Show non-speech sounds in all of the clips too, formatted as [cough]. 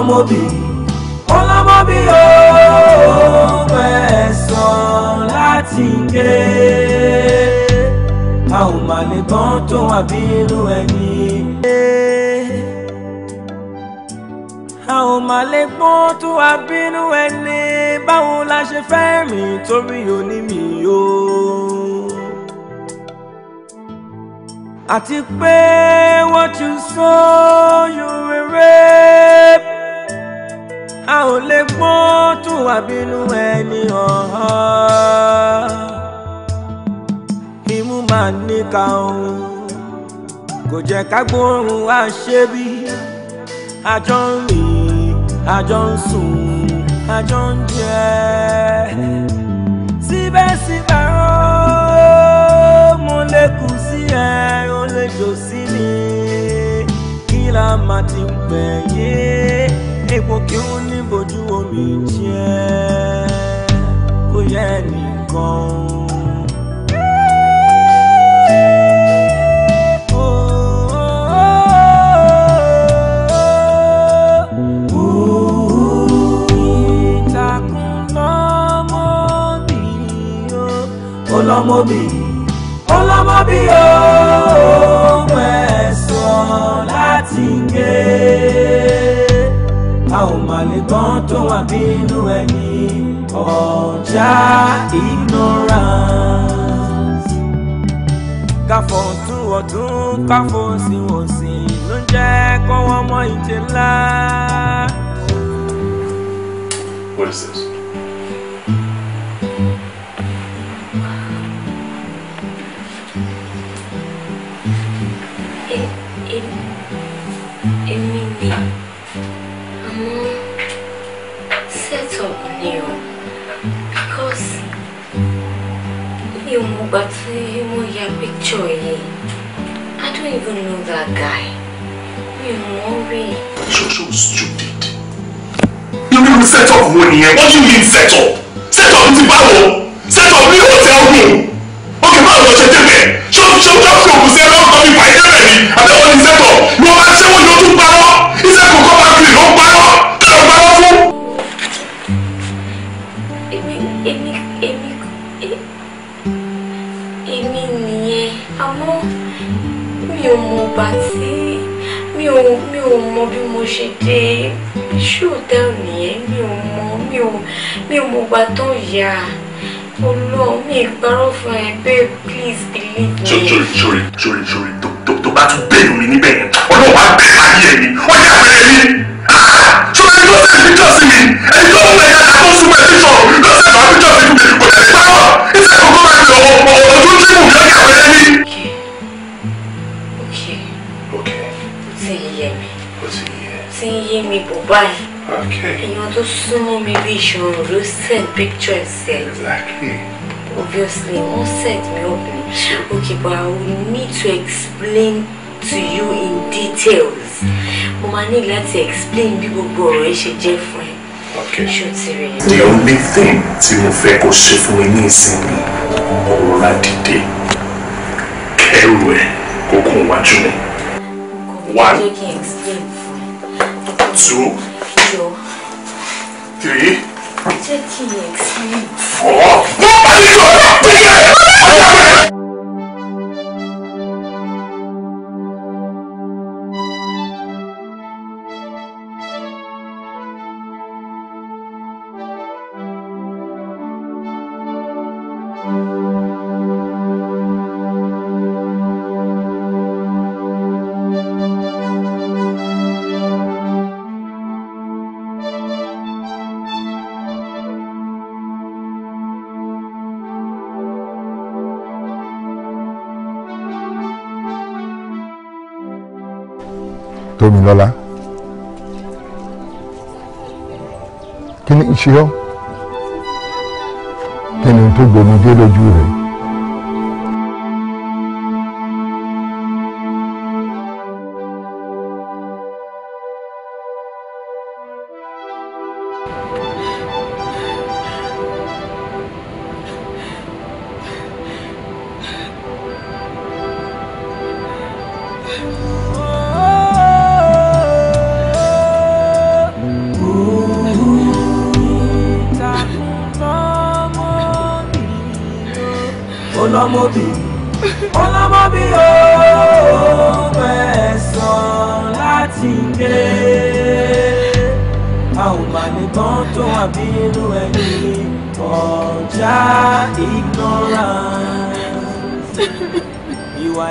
ọlámọ́bí ọlámọ́bí ó pẹ̀sán láti ké a ò mà lè gbọ́n tó wà bí irú ẹni. a ò mà lè gbọ́n tó wà bínú ẹni báwo la ṣe fẹ́ mi torí òní mi o. àti pé what you sow you will ò lè gbọ́n tún wà bínú ẹni ọ̀hán imú máa níka òun kò jẹ́ ká gbóòórùn wá ṣe bí àjọ ń rìn àjọ ń sùn àjọ ń jẹ síbẹ̀síbẹ̀ ó mo lè sí ẹ ó lè jò sí mi kí la máa ti pẹ̀yẹ́ epo kí ó ní bojú omi jẹ́ kó yẹ nìkan o. ọlọmọbi ọlọmọbi ohun ẹ̀sùn láti gbé a ò mà lè gbọ́n tó wà nínú ẹni ọ̀já ignorance. káfọ̀ ọ̀tún ọ̀tún káfọ̀ òsìn òsìn ló ń jẹ́ kọ́wọ́ mọ́ ìjẹ ńlá. What is this? ìgbà tí wọ́n ya picture yìí eh, I don't even know that guy You ò mọ̀ rí. ṣo ṣo stupid irú set up money. nìyẹn eh? what you mean set up set up ti báwo set up the hotel room ok báwo lọ ṣe débẹ̀ ṣo Show, show, show. òkú sí ẹ lọ́wọ́ kan mi pàì débẹ̀ ni àbẹ́wò ni set up ni wọ́n máa show ni ó tún parọ́. ṣe dé ṣé òtẹ́ẹ̀lì nìyẹn mi ò mọ mi ò mi ò mọ gbà tó yà olóò mi ìparọ́ fún ẹ babe please believe me. sori sori sori sori tó bá tún bẹ́ẹ̀ mi níbẹ̀ yẹn ọlọ́wọ́ á bẹ̀rẹ̀ ayé ẹ̀ ni wọ́n yà wẹ̀rẹ̀ ah, mi sori ẹni tó sẹ̀ pictures mi ẹni tó mú ẹ̀yà tó sún mọ́ ẹ̀ picture ló sẹ̀ fà pictures mi kò tẹ̀lé pàrọ̀ ìṣẹ̀kùn kó máa fi ọ̀wọ̀ ọ̀wọ̀ ojú tí mò ń yọ̀ yà wẹ̀rẹ̀ mi. báyìí èèyàn tó súnmọ́ mi bí ìṣòro ló send picture exactly. obviously wọ́n set me up ni okay but I will need to explain to you in details mo máa ní láti explain bí gbogbo ọ̀rọ̀ yìí ṣe jẹ́ fún ẹ. The only thing tí mo fẹ́ kó ṣe fún mi ní ìsinmi ọ̀rọ̀ go come watch kókó wájú mi. One two, three, four. Tómilọ́lá kí ni ń ọ́ kí ni tó gbomi dé lójú rẹ̀.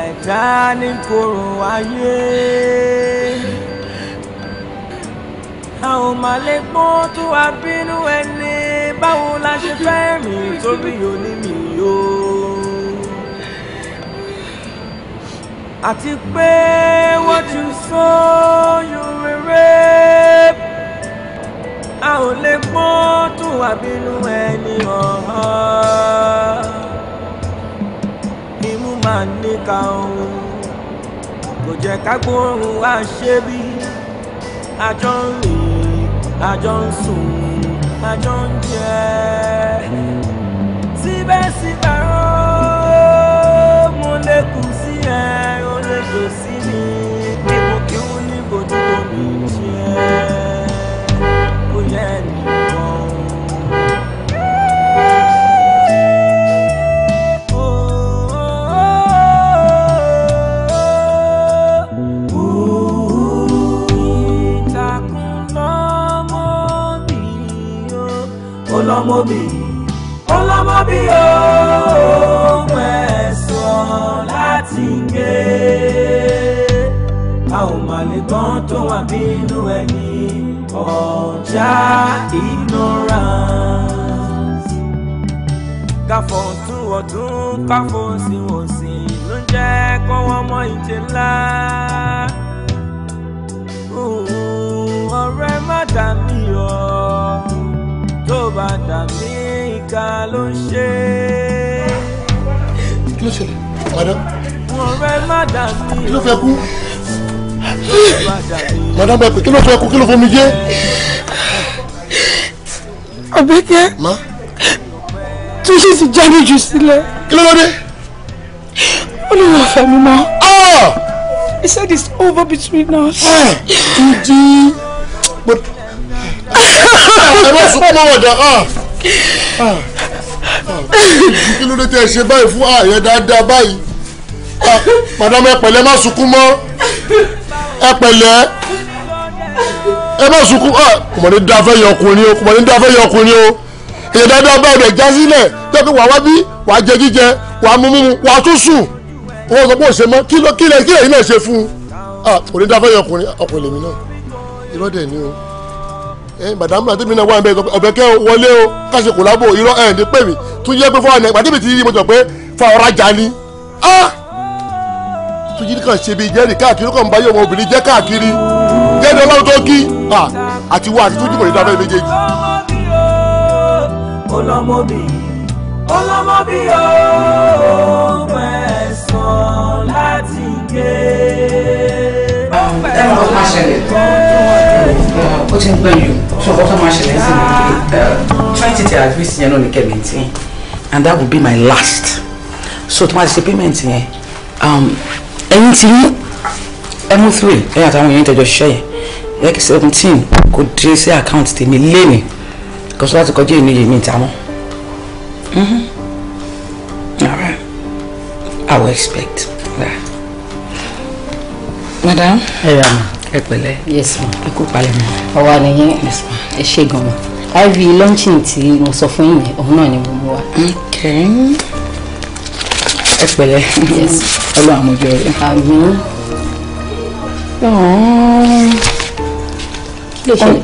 ẹ̀dá ní koro ayé. a ò mà lè gbọ́ tó wá bínú ẹni báwo la ṣe fẹ́ mi torí òní mi o. àti pé what you sow you will reap. a ò lè gbọ́ tó wá bínú ẹni ọ̀hán máa níka òun kò jẹ́ ká gbóhùn wá ṣe bí àjọ ń rìn àjọ ń sùn àjọ ń jẹ síbẹ̀síbẹ̀ ó mo lè kù sí ẹ ó lè kù sí mi níbo kí ó níbo tí omi jẹ kò yẹ ọlọ́mọ mi ọlọ́mọ bí ohun ẹ̀sùn láti gbé a ò mà lè gbọ́n tó wà nínú ẹni ọjà ignorance. káfọ́ tún ọ̀tún káfọ́ sí wọ́n sí ló ń jẹ́ kọ́wọ́ mọ́ ìje ńlá ọ̀rẹ́ má dànù tó bá dà mí ìka ló ń ṣe. kí ló ṣẹlẹ̀ madam. ọ̀rẹ́ má dà mí. kí ló fẹ́ kú. madam bẹ́ẹ̀ pé kí ló fẹ́ kú kí ló fẹ́ mi jẹ́. Àbíkẹ́. ma. túnṣe ti jáde jù sílẹ̀. kí ló dé. ó ní wọ́n fẹ́ mi mọ́. Ah! He said it's over between us. ǹjẹ́. Eh, ló sunkún ọ̀dà kí ló dé tẹ ẹ ṣe báyìí fún ààyè dáadáa báyìí ah, madam ẹ pẹ̀lẹ́ má sunkún mọ́ ẹ pẹ̀lẹ́ ẹ má sunkún ah. kò mọ̀ ní dáfẹ́ yọ ọkùnrin o kò mọ̀ ní dáfẹ́ yọ ọkùnrin o èyí dáadáa bá ọ̀dẹ̀ já sílẹ̀ tẹ́bí wàá wá bí wàá jẹ jíjẹ wàá mú mímu wàá tún sùn wọn sọ pé òṣè mọ́ kí lè kí lè yín náà ṣe fún un ah, kò ní dáfẹ́ yọ ọkùnrin ọkùnrin lèmi náà irọ́ dẹ̀ ni o ẹ eh, madam náà tẹ́mi náà wà níbẹ̀ ọ̀bẹ kẹ́ wọlé o káṣe kò lábò irọ́ ẹ̀ ní pè mí tún yẹ pé fọwọ́n ẹ̀gbà tẹ́mi ti yí mo jọ pé fọwọ́n rajà ni ah! tún yí kàn ṣe bí jẹ́rìí káàkiri kàn ń báyọ̀ ọmọ obìnrin jẹ́ káàkiri jẹ́rìí ọlọ́run tó kí ah! àti wá àti tún jìkọ̀ nígbà fẹ́ méjèèjì. ọlọ́mọbí ọlọ́mọbí ó fẹ̀sán láti gbé. ẹ lọ́ọ́ máa ṣẹlẹ̀ tó ó ti ń gbẹ̀yìn ṣọ̀kọ́ tó máa ṣẹlẹ̀ sí mi twenty to at least yẹn náà ní kẹ́mi tí and that will be my last so tó máa payment payment yẹn ẹ̀yin tí ẹ mú three ẹ̀yin àtàwọn èèyàn tẹ̀jọ́ ṣiṣẹ́ yẹn lẹ́kì seventeen kò dé me, account tèmi lẹ́nìí kọ́sọ́ láti kọjá ìlú yìí mi ìta mm-hmm. All right. I will expect that. Madam. Hey, um, ẹ pẹ̀lẹ́. yes ma ẹ kú palẹ̀ mọ́. ọwọ́ nìyẹn ẹ ṣe gan ma iv launching tí mo sọ fún yín òun náà ni mo mú wa. ẹ Yes. ọlọ́run àmójọ rẹ. àmín. lè ṣe.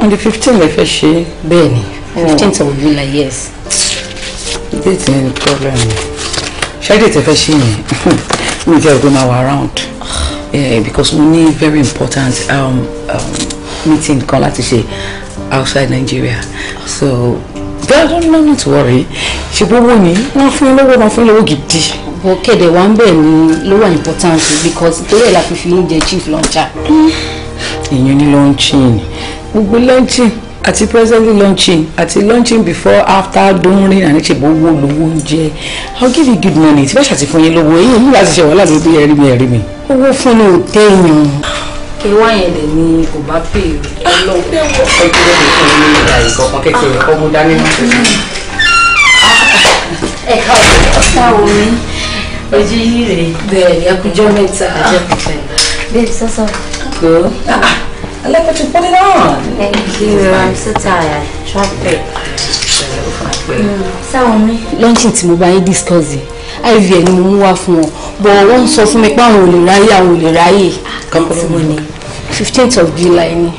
on the fifteen lè fẹ́ ṣe. bẹ́ẹ̀ni oh. fifteenth of July yes. date yẹn ni problem ṣáà date ẹ fẹ́ ṣe yẹn [laughs] mi jẹ́ ògbó máa round yeah, because we need very important um, um, meeting kan láti ṣe outside Nigeria so but don't know not to worry She will ni me. fún lówó wọ́n fún lówó gidi. bó kéde wá ń bẹ̀ ni ló wà important because today, like la fi fi ń jẹ chief luncher. èèyàn hmm. ní lọ́ńchìn gbogbo lọ́ńchìn àti presently launching àti launching before after during and ṣe gbogbo olówó oúnjẹ i will give you good money tí bá ṣàti fún yín lówó eyín nígbà tí ṣe wàhálà ló dé ẹrí mi ẹrí mi owó fún ni ò téèyàn. kí wọ́n yẹn lè ní kò bá pè é ọlọ́wọ́. ẹ kí ló dé fún mi ní ìgbà ìkọ̀ kan kékeré ọmọ dání ní ìṣẹ̀lẹ̀. ẹ ká ọ̀sán wo mi ojú yìí rèé bẹ́ẹ̀ ni ẹkùnjọ́ mẹ́ta àjẹkùnfẹ́ bẹ́ẹ̀ sọ́sọ́. kò ó. I like what you put it on. Thank you. I'm so tired. Traffic. Sáwọn lọ́ńchìn tí mo bá yín discuss iv ẹ̀ ni mo mú wá fún wọn bọ̀ wọ́n ń sọ fún mi pé àwọn ò lè ráyè àwọn ò lè ráyè. Kọ́ńtì mo ní. fifteenth of July ni.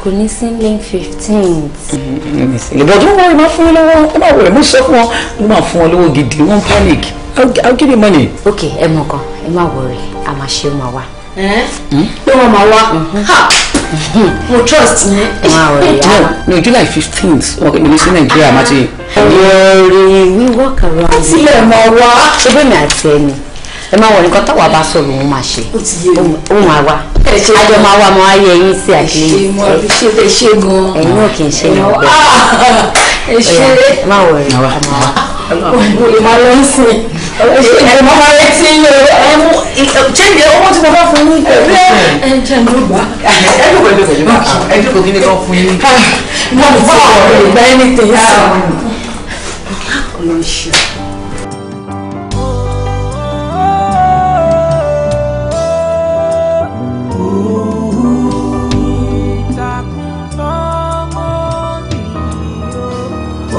kò ní sí lane fifteenth. ìbọn tó ń wá ìmọ̀ fún mi lọ́wọ́ ó máa wẹ̀rẹ̀ mo sọ fún wọn mo máa fún wọn lọ́wọ́ gidi wọ́n panic I'll give you money. ok ẹ mọ̀ kan ẹ má wọrí a máa ṣe é máa wá. Eh? pé wọ́n máa wá mo trust yín. [laughs] no July fifteenth wọn kò ní sí Nàìjíríà má ti. ẹ̀rì wíwọ́ kàrọ̀ àwọn. sílẹ̀ mọ̀ wá. ṣé bẹ́ẹ̀ mi àti ẹni ẹ máa wọ̀ nǹkan táwa bá sọ̀rọ̀ òun máa ṣe òun máa wá àjọ máa wá máa yẹ yín sí àkíyèsí. mo fi ṣe fẹ́ ṣe gan. ẹ̀yin náà kì í ṣe yàn bẹ́ẹ̀. [laughs] ẹ ṣe é. ẹ má wọ̀ ẹ̀ ẹ̀ máa wọ̀ ẹ̀ máa lọ sí i. Oh. máa retí jẹ́ǹdé owó tí mo bá fún yín pẹ̀lú ẹ̀ jẹ́ǹdé ó gbà. ẹ jókòó ẹgbẹ́ pẹ̀lú bá ẹ jókòó kí ni kan fún yín. mo lè fọ ọ̀rọ̀ ìgbà ẹni tèyí sọ. ọlọ́run ṣe.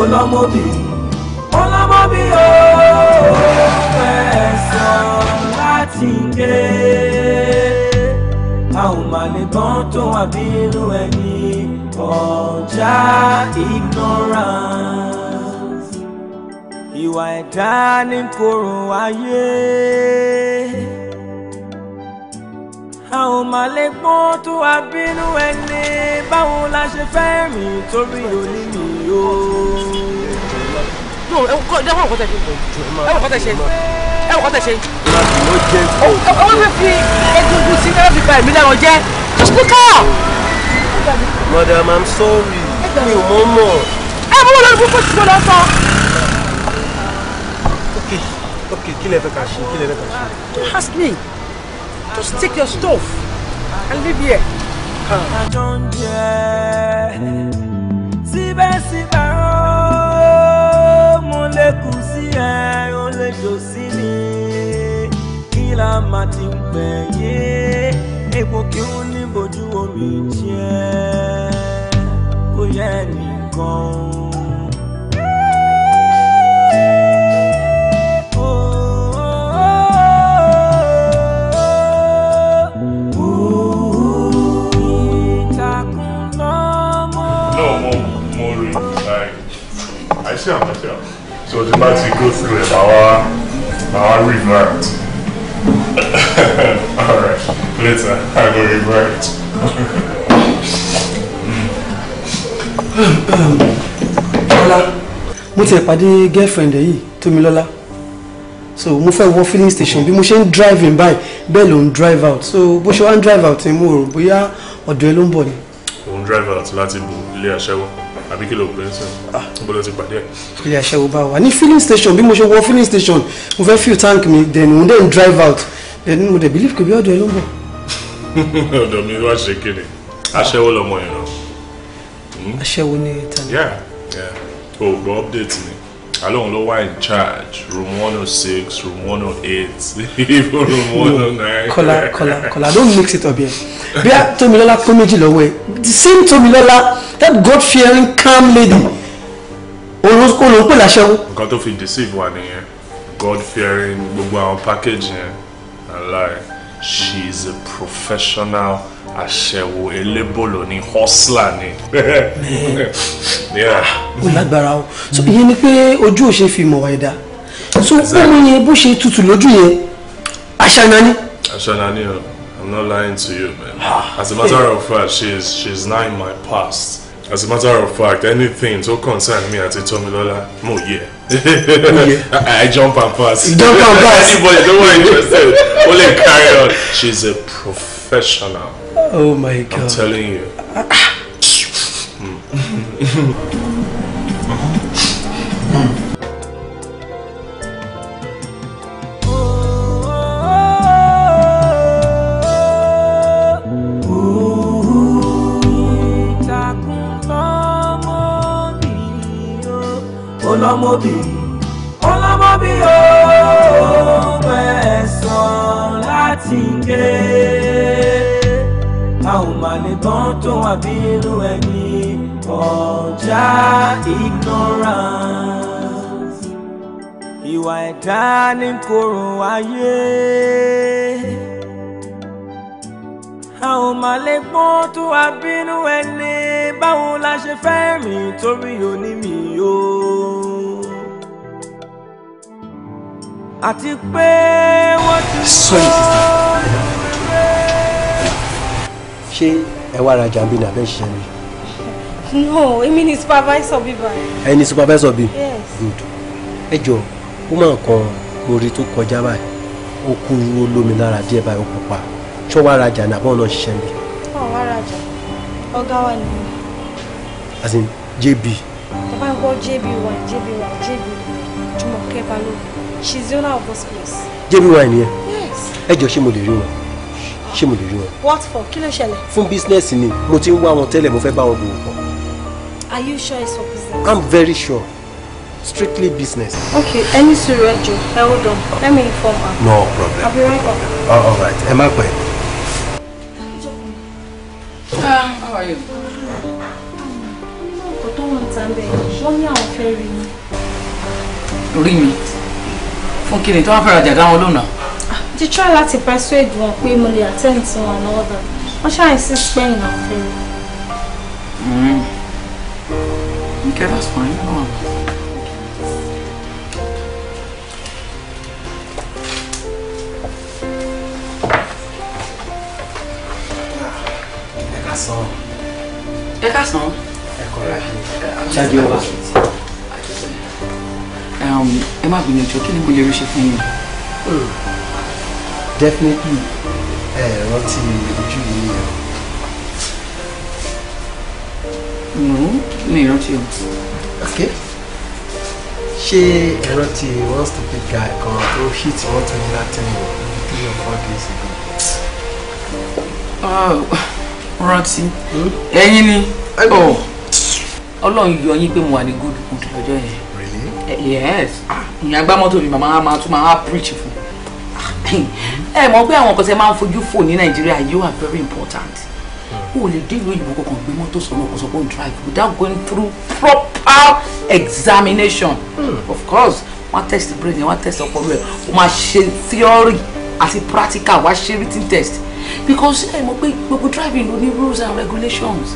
ọlọ́mọbìnrin. ṣe a ò mà lè bọ́n tó wà bínú ẹni ọjà ignorance ìwà ẹ̀dá ní koro ayé a ò mà lè gbọ́n tó wà bínú ẹni báwo la ṣe fẹ́ rìn torí òní mi o. ẹ wọ́n kọ́ tẹ̀ ṣe ẹ wọ́n kọ́ ṣe ẹ wọ́n kọ́ ṣe ọwọ́ mi fi egungun sí náà fi ba èmi lẹ́rọ jẹ́ madam i'm sorry mi ò mọ̀ mọ̀. ẹ mú wọn lọ ibú fún ìṣúná sọ. ok ok kí lè fẹ́ ká don't ask me just take your stuff and leave here. àjọ ń jẹ síbẹ̀síbẹ̀ ó mo lè kù sí ẹ ó lè jò sí la máa ti ń pẹ̀ yé epo kí ó ní bojú omi jẹ́ kó yẹ I see, I see. So the party goes through a power, power [laughs] All right. Later, I will revert. Ọlá, mo ti pàdé girlfriend yìí, Tómilọ́lá. So mo fẹ́ wọ filling station bí mo ṣe ń drive in by bẹ́ẹ̀ ló ń drive out. So bó ṣe wá ń drive out ni mo rò bóyá ọ̀dọ̀ ẹ ló ń bọ̀ ni. Mo ń drive out láti bu ilé aṣẹ́wó àbí kí ló pè é sẹ́yìn. Níbo ló ti pàdé ẹ̀? Ilé aṣẹ́wó bá wà ní filling station bí mo ṣe wọ filling station mo fẹ́ fill tank mi then mo dẹ̀ ń drive out ẹni mo dẹ̀ believe kò bí ọ̀dọ̀ ẹ ló ń bọ̀. [laughs] ọ̀dọ̀ mi wá ṣe kéde aṣẹ́wó lọmọ yẹn lọ. Hmm? aṣẹ́wó ní tani. yeah yeah o gbọ́ update ni alóhùn ló wà in charge room one oh six room one oh eight [laughs] even room one oh nine. kọ́lá kọ́lá kọ́lá don't mix it up here bí a tómilọ́lá pé méjì lọ́wọ́ ẹ the same tómilọ́lá that god fearing calm lady olùkọ́ ló ń pè láṣẹ́wó. nǹkan tó fi deceive wa nìyẹn god fearing gbogbo àwọn package yẹn. Hello. She's a professional aṣẹ́wó elébòlò ni hustler ni. [laughs] ó lágbára o so ìyẹn ni pé ojú ò fi mọ̀ ẹ̀dá so ọmọ yẹn bó ṣe tutù lójú yẹn aṣáná ni. aṣáná ni o I'm not lying to you man as a matter of fact she's she's not in my past as a matter of fact anything tó concern me àti Tọ́milọ́lá mo yẹ [laughs] I jump and pass jump and pass anybody no one interested o carry on she is a professional oh my god I'm telling you. Ah. Hmm. [laughs] Olomobi, Olomobi, ó mẹ́sàn-án láti gbé a ò mà lè tán tó wà bí irú ẹni ọjà ignorance ìwà ẹ̀dá ní koro ayé a ò mà lè gbọ́n tó wà bínú ẹni báwo la ṣe fẹ́ rìn torí onímì yóò. àti pé wọ́n ti sọ. ṣé ẹ wá ra jàmbí ṣiṣẹ́ no èmi ni supervisor bí báyìí. Ẹni supervisor bí. yes. good ẹ jọ ó máa kan orí tó kọjá báyìí ó kúrú ó lómi lára díẹ̀ báyìí ó pupa ṣé jà náà ṣiṣẹ́ mi. ọ̀ wá jà ọ̀gá wa ni. she's the owner of this place. jẹ́mi wá ẹni ẹ. yes. ẹ jọ ṣé mo lè rí wọn ṣé mo lè rí what for kí ló ṣẹlẹ̀. fún bísínẹ́sì ni mo ti ń wá wọn tẹ́lẹ̀ mo fẹ́ bá wọn gbòòrò are you sure it's for business. i'm very sure strictly business. okay Any sùúrù ẹ hold on let me inform her. no problem. i'll be right back. Oh, all right ẹ má pẹ́. Ah, how are you. ọkọ̀ tó wọ́n ń ta ń bẹ̀ wọ́n ní àwọn fẹ́ rí fún kí ni tí wọ́n fẹ́ rajà dáwọn lónà. ti try láti persuade wọn pé mo lè attend to wọn náà dà wọ́n ṣáà insist pé ìnà fẹ́. Hmm. Okay, that's fine. No one. Ẹ ká sàn. Ẹ ká sàn. Ẹ kọ́ra. Ṣáájú ọba ẹ má bínú kí ni mo lè rí ṣe fún yín. Hmm. definitely ẹ rántí ojú yìí yẹn. nù ní ìrántí o. ok ṣé ẹ rántí one stupid guy kan tó hit one twenty latin o three or four days ago. Ah, rántí hmm? ẹ̀yin ni oh. ọlọ́run yọ yín pé mo wà ní gúdúgúdú lọ́jọ́ yẹn yes ah, ìyẹn agbámọ́tò ni màmá máa tún máa preach fún ah, ẹ mọ̀ pé àwọn kọsẹ̀ máa ń fojú fò ní nàìjíríà you are very important hmm. o lè dé ìlú òyìnbó kankan gbé mọ́tò sọ̀rọ̀ kó sọ pé o drive without going through proper examination hmm. of course wọ́n á test brain yẹn wọ́n á test ọpọlọ ẹ̀ o máa ṣe theory àti practical wá ṣe written test because ẹ mọ̀ pé gbogbo driving ló ní rules and regulations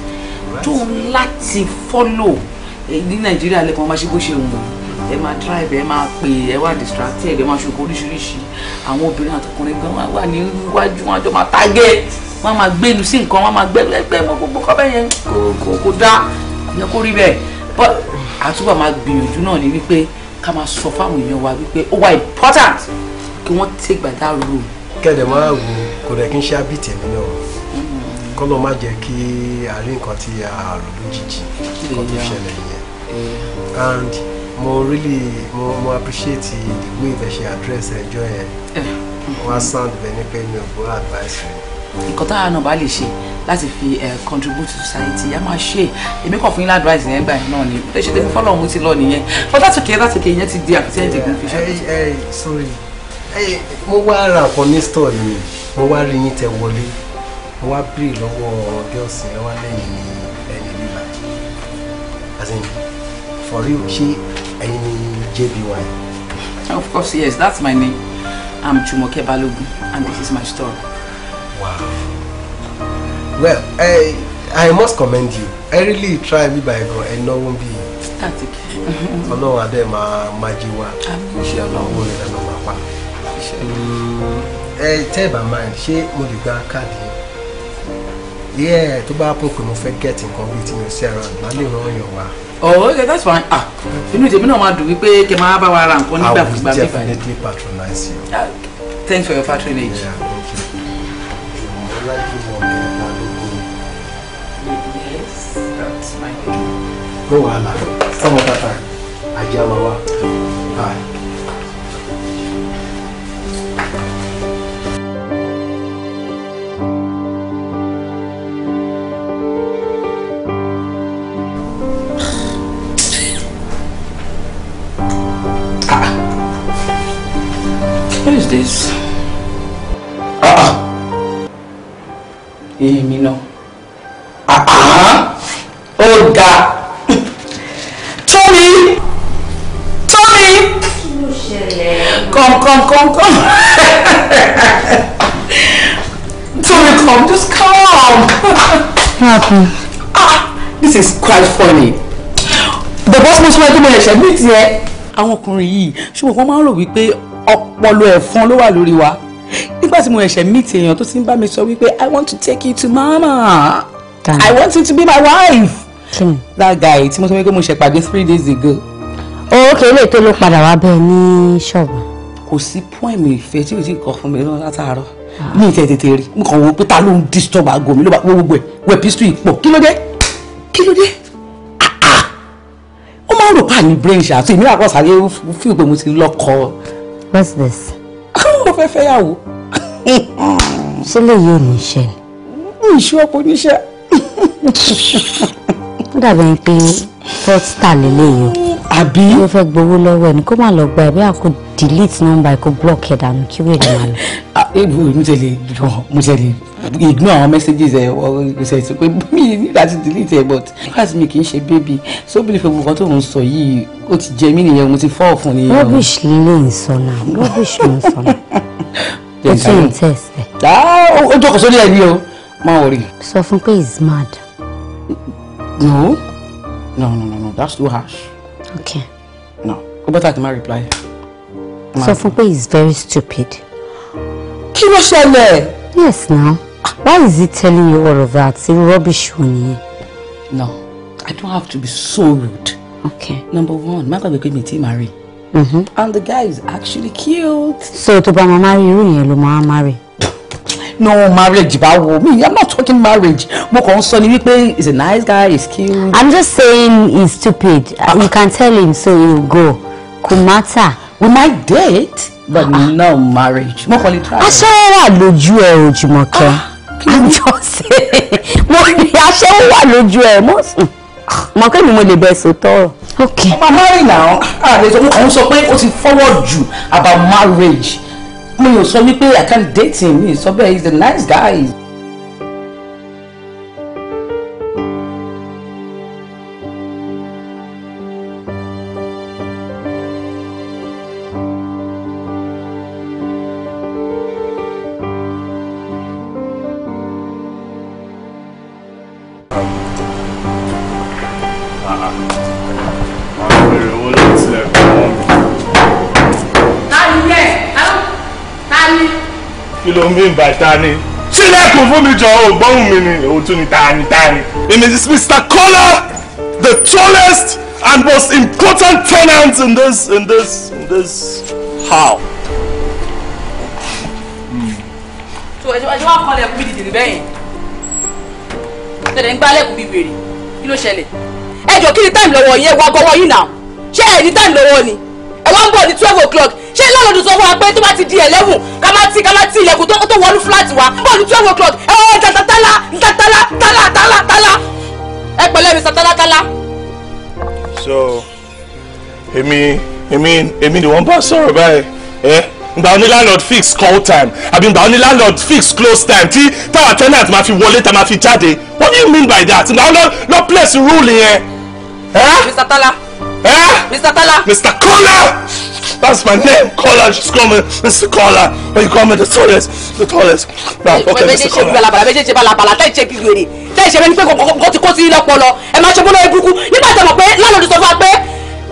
tó ń láti follow ní nàìjíríà lẹ́kọ̀ọ́ máa ṣe bó ṣe wù ú ẹ máa drive ẹ máa pè ẹ wá distracted ẹ máa ṣoko oríṣiríṣi àwọn obìnrin àtọkùnrin gan wà ní iwájú wọn àjọ máa target wọn máa gbẹnu sí nǹkan wọn máa gbẹnu ẹgbẹ mọ gbogbo kọ bẹ́ẹ̀ yẹn kò kò dá yẹ kó rí bẹ́ẹ̀ but àtúbà máa gbìyànjú náà ni wípé ká máa sọ fáwọn èèyàn wa wípé ó wà important kí wọ́n take by that rule. kẹ́lẹ̀ máa wò kò rẹ̀ kí n ṣe àbìtì ẹ̀mí náà mm-hmm. kọ́lọ́ má jẹ́ kí a rí nǹkan tí a rò tó ṣẹlẹ̀ yẹn mo really mo mo appreciate that she address her joy. Eh. wá sound bẹ́ẹ̀ very pé mi ò advice mi. nǹkan táwọn náà bá lè ṣe láti fi eh, contribute to society a máa ṣe èmi kàn fún yín ládùúgbò àìsàn yẹn gbà yín náà ni ó lè ṣe tẹ́lifí fọ́lọ́ ọ̀hún ti lọ nìyẹn but that's okay that's okay ìyẹn ti di àkùtì ẹ̀jẹ̀ kan fi ṣe. Eh, sorry mo wá ra nǹkan ní store yìí mo wá rí yín tẹ wọlé mo wá bèrè lọ́wọ́ gẹ́ọ̀sì ẹ wá lẹ́yìn ní as in for real ṣé ẹ̀yin ni JBY. of course yes that's my name i'm Jumoke Balogun and this is my store. wow well I, eh, I must commend you I really try me by God ẹ náwó bí. static. [laughs] ọlọ́run I máa máa jí wa iṣẹ́ ọlọ́wọ́ rẹ̀ lọ́nà máa pa. ẹ mm, eh, tẹ́ ẹ bá máa ṣé mo lè gba káàdì yẹn yẹ tó bá pọ̀ pé mo fẹ́ gẹ̀ẹ́tì nǹkan your ti yàn sí ara àgbà oh okay that's fine ah inú tèmi náà máa dùn wípé kẹ máa bá wa ra nǹkan nígbà fún gbàgbé fàyè. I will definitely patronize you. Uh, thanks for your patronage. Yeah, thank Yes, that's my Go, Allah. Some of that time. Ajá wa wa. Bye. please. èmi náà. ó ga. Tommy Tommy come come come come [laughs] Tommy come just come. What Ah, this is quite funny. the boss must wá gbé mi ẹ̀ṣẹ̀ bíi tiẹ̀. àwọn ọkùnrin yìí ṣùgbọ́n wọ́n máa ń rò wípé ọpọlọ ẹ̀fọn ló wà lórí wa nígbà tí mo ẹ̀ṣẹ̀ meet èèyàn tó ti ń bá mi sọ wípé i want to take you to mama i want you to be my wife that guy tí mo sọ wípé mo ṣe pàdé three days ago. ó kéré lè tó ló padà wá bẹ́ẹ̀ ní ṣọ́ọ̀bù. kò sí poem ìfẹ́ tí o ti kọ fún mi lọ́wọ́ látàárọ̀ ní ah. ìtẹ̀ tètè rí mo kàn wọ pé ta ló ń disturb aago mi ló bá gbogbo ẹ̀ wẹ̀ pistol ìpọ̀ kí ló dé kí ló dé ah, ah. ó máa ń rò pa ní brain ṣáà tó ìmíràn àkọsàlẹ̀ fún ìpè mo ti lọ́kọ̀ọ́ what's this. ó [laughs] fẹ́ fẹ́ yàwó. [laughs] ṣé lèyí ò ní iṣẹ́ ni. ní ìṣú ọ̀pọ̀ oníṣẹ́. ó dàbẹ̀ pé pọ́tà lélẹ́yìí o. àbí. ó fẹ́ gbowó lọ́wọ́ ẹ̀ ní kó má lọ gba ẹ̀bí àkójọ delete number ẹ kó block ẹ dànù kí wẹ́ẹ̀ ni màá lọ. mo ṣe lè mo ṣe lè ignore àwọn messages ẹ ṣe ṣe pé mi ní láti delete ẹ but class mi kì í ṣe baby so believe ìfẹ́ gbogbo to ń sọ yìí ó ti jẹ mí nìyẹn mo ti fọ́ ọ̀fun nìyẹn. rubbish ló ń sọ náà rubbish ló ń sọ náà ó tún ń test ẹ. Ah, ó jókòó sórí ẹ ní o máa sọ fún pé he's mad. no no no no no that's too harsh. okay. no ó bọ́tà kí n reply sọ fún pé he is very stupid. kí ló ṣẹlẹ̀. yes now why is he telling you all of that irú rubbish on you. no i don't have to be so rude. okay number one má gbàgbé pé mi ti marry. Mm-hmm. and the guy is actually cute. so tó bá ma marry irú yẹn ló máa marry. no marriage báwo me i'm not talking marriage mo kàn ń sọ ni wípé he's a nice guy he's cute. i'm just saying he's stupid uh, you can tell him so he'll go kò mátà we might date but ah, ah. no marriage mo kàn lè try. aṣọ wà lójú ẹ o Jùmọ̀kẹ́ ah, àjọṣe mo ní aṣọ wà lójú ẹ mo sùn mọ pé ni mo lè bẹ sòtọ. ok ọmọ mary náà àlè ah, sọ òun sọ pé ó ti forward jù about marriage mi ò sọ wípé I can date him mi sọ bẹ́ẹ̀ he a nice guy. ń bí ìbà ta ni sílẹ̀kùn fún mi jọ ògbóhùn mi ni òun tún ni tani tani. It is Mr. Kola, the tallest and most important tenant in this in this in this house. tó ẹjọ́ ẹjọ́ wà kọ́lẹ̀ ẹ̀kú bíi dìdìrì bẹ́yìn tẹ̀lé ń gbálẹ̀kùn bíi wèrè kí ló ṣẹlẹ̀ ẹjọ́ kí ni táìmù lọ́wọ́ yẹn wá gọ́wọ́ yìí náà ṣé ẹ̀ ní táìmù lọ́wọ́ ni ẹ̀ wá ń bọ̀ ní twelve o'clock ṣé lọ́lọ́dún sọ fún wa pé tó bá ti di eleven ti kálá ilẹ̀kùn tó tó wọnú fúláàtì wa bọ́ọ̀lù twelve o'clock ẹ wọ́n ta tala ta tala tala tala ẹ pẹ̀lẹ́ mi tala tala. so èmi èmi èmi ni wọ́n bá sọ̀rọ̀ báyìí ẹ ngba oní landlord fix call time àbí ngba oní landlord fix close time tí táwa tenant máa fi wọlé tá máa fi jáde what do you mean by that ngba lọ no place rule yẹn. Eh? Mr. Tala. Eh? Mr. Tala. Mr. Kola. That's my name, caller. She's coming, Mr. Caller. When you call me the tallest, the tallest. Now, okay, Mr. Caller. Méjèèjì balabala, tẹ́ ṣe bí wèrè, tẹ́ ṣe bẹ́ni pé kò ti kó sí ilé ọpọlọ, ẹ máa ṣe bọ́lá ebúkú. Nígbà tí ẹ mọ̀ pé lálọ́dún sọ fún wa pé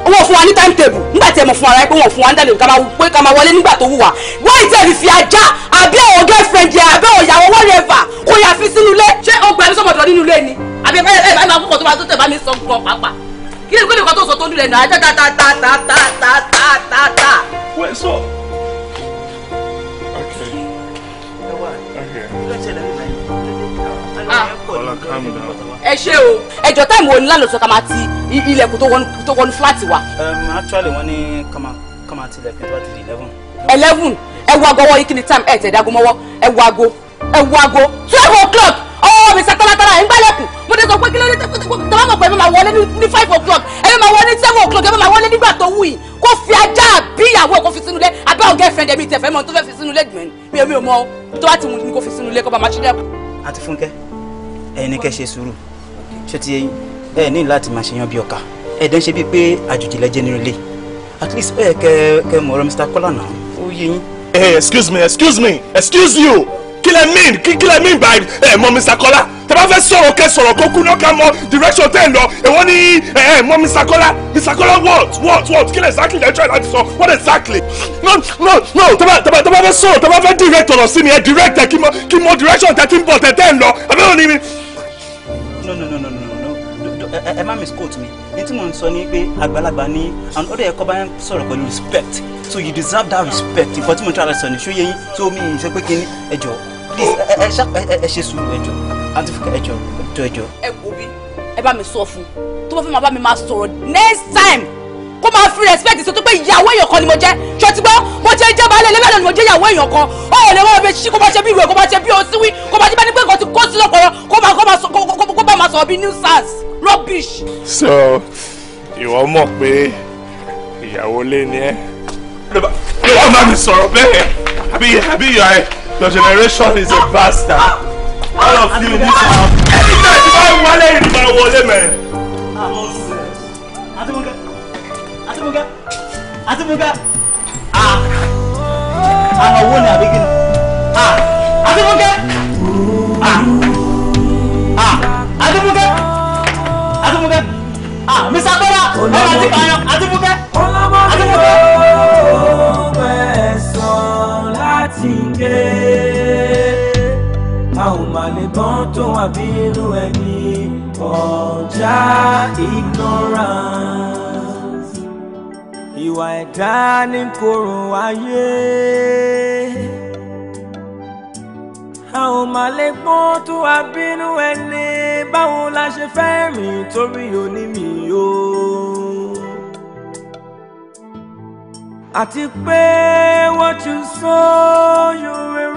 wọ́n fún wa ní time table. Nígbà tí ẹ mọ̀ fún ara pé wọ́n fún wa ní time table pé ká máa wọlé nígbà tó wù wá. Wọ́n ì tẹ̀lé fi ajá àbí àwọn girlfriend yẹn àbí àwọn ìyàwó whatever kò yà fi sínú ilé. Ṣé o gbà mí sọ́mọ̀tọ̀ nínú ilé ni? Àbí ẹ bá ẹ bá ẹ bá kókò tó máa tó tẹ̀ bá mi sọ nǹkan pàápàá kí ni kí tó sọ tó lulẹ̀ náà ta ta ta ta ta ta ta ta ta. wẹ́n sọ. ẹ ṣe o ẹjọ táìmù wo ni lánàá sọ ká máa ti ilẹ̀kùn tó wọnú fúláàtì wa. Um, actually wọ́n ní ká máa ti ilẹ̀kùn tó bá ti di eleven. eleven ẹ wo aago wọ́n yìí kí ni time ẹ̀ tẹ̀ dágún mọ́wọ́ ẹ wo aago ẹ wo aago twelve o'clock fọwọ́ mi sa tálátálá ẹ̀ ń gbálẹ̀kùn mo dé sọ pé kí ló dé tó tó bá mọ̀ pé ẹ máa wọlé ní five o'clock ẹ máa wọlé ní seven o'clock ẹ máa wọlé nígbà tó wù yìí kó fi ajá àbí ìyàwó kó fi sínú ilé abẹ́ ọ̀gá ẹ̀fẹ̀ ẹ̀mí tẹ̀fẹ̀ mọ́ tó fẹ́ fi sínú ilé jùmọ̀ ni mi ò mọ tó bá ti wù ní kó fi sínú ilé kó bá máa ṣílẹ̀ kù. àti fúnkẹ́ ẹ̀yin ni kẹ́ ṣe sùúrù ṣé ti ẹ ní láti máa ṣe yan bí ọkà ẹ dẹ́n ṣe bíi pé àjòjì lẹ nínú ilé at least ẹ kẹ kẹ mọ̀ Mr. Kọ́lá náà ó yé yín. excuse me excuse me excuse you kí lẹ mean kí kí lẹ mean by ẹ mọ Mr. Kọ́lá tẹ bá fẹ́ sọ̀rọ̀ kẹ sọ̀rọ̀ kó kú náà ká mọ direction tẹ́ ẹ lọ èwo ni ẹ mọ Mr. Kọ́lá Mr. Kọ́lá what what what kí exactly lẹ try láti sọ what exactly no no no tẹ bá tẹ bá tẹ bá fẹ́ sọ̀rọ̀ tẹ bá fẹ́ direct ọ̀rọ̀ sí mi ẹ direct ẹ kí mọ kí mọ direction tẹ kí n bọ̀ tẹ tẹ́ ẹ lọ abẹ́wò ni mi. no no no no no no ẹ má misquote mi ní tí mò ń sọ ni pé àgbàlagbà ni and ó dẹ̀ ẹ̀kọ́ bá ń sọ̀rọ̀ pẹ̀lú respect so you deserve that respect nǹkan tí mo ń tọ́ ara sọ ni ṣó yẹ yín tó mi ì sọ pé kí ẹ jọ̀ọ́ Oh. Eh, eh, please eh, ẹ ṣe sùúrù ẹ jọ̀ọ́ àǹtí fúnkẹ́ ẹ jọ̀ọ́ tó ẹ jọ̀ọ́. ẹ wo bí ẹ bá mi sọ fún tó bá fẹ́ máa bá mi máa sọ̀rọ̀ next time kó máa fi respect sọ tó pé ìyàwó èèyàn kan ni mo jẹ́ ṣọtí gbọ́ mo ṣe jẹ́ baálé ilé bẹ́ẹ̀ ni mo jẹ́ ìyàwó èèyàn kan ó ò lè wọ́n mi ṣí kó máa ṣe bí ìwé kó máa ṣe bí òsínwí kó máa ṣe bá ní pé nǹkan ti kó sí lọ́pọ̀lọ́ kó máa kó máa sọ kó bá máa sọ bí nuisance rubbish. so ìwọ mọ̀ pé ìyàwó lé ní ẹ. ló bá mi sọ̀rọ̀ bẹ́ẹ̀ àbí àbí ìyá ẹ̀. Your generation is a bastard. All of you need to have. Every time you buy wọlé, you buy wọlé, man. Adébúngá, Adébúngá, Adébúngá, ah, àná owó ni àbí kíni? Ah, Adébúngá, ah, ah, Adébúngá, Adébúngá, ah, Mr. Bọ́lá, ẹ̀rọ àti kàyàn, Adébúngá, Adébúngá. tó wà bí irú ẹni ọ̀já ignorance ìwà ẹ̀dá ní koro ayé àwọn màlẹ́gbọ́n tó wà bínú ẹni báwo la ṣe fẹ́ rìn torí onímì o. àti pé what you sow you will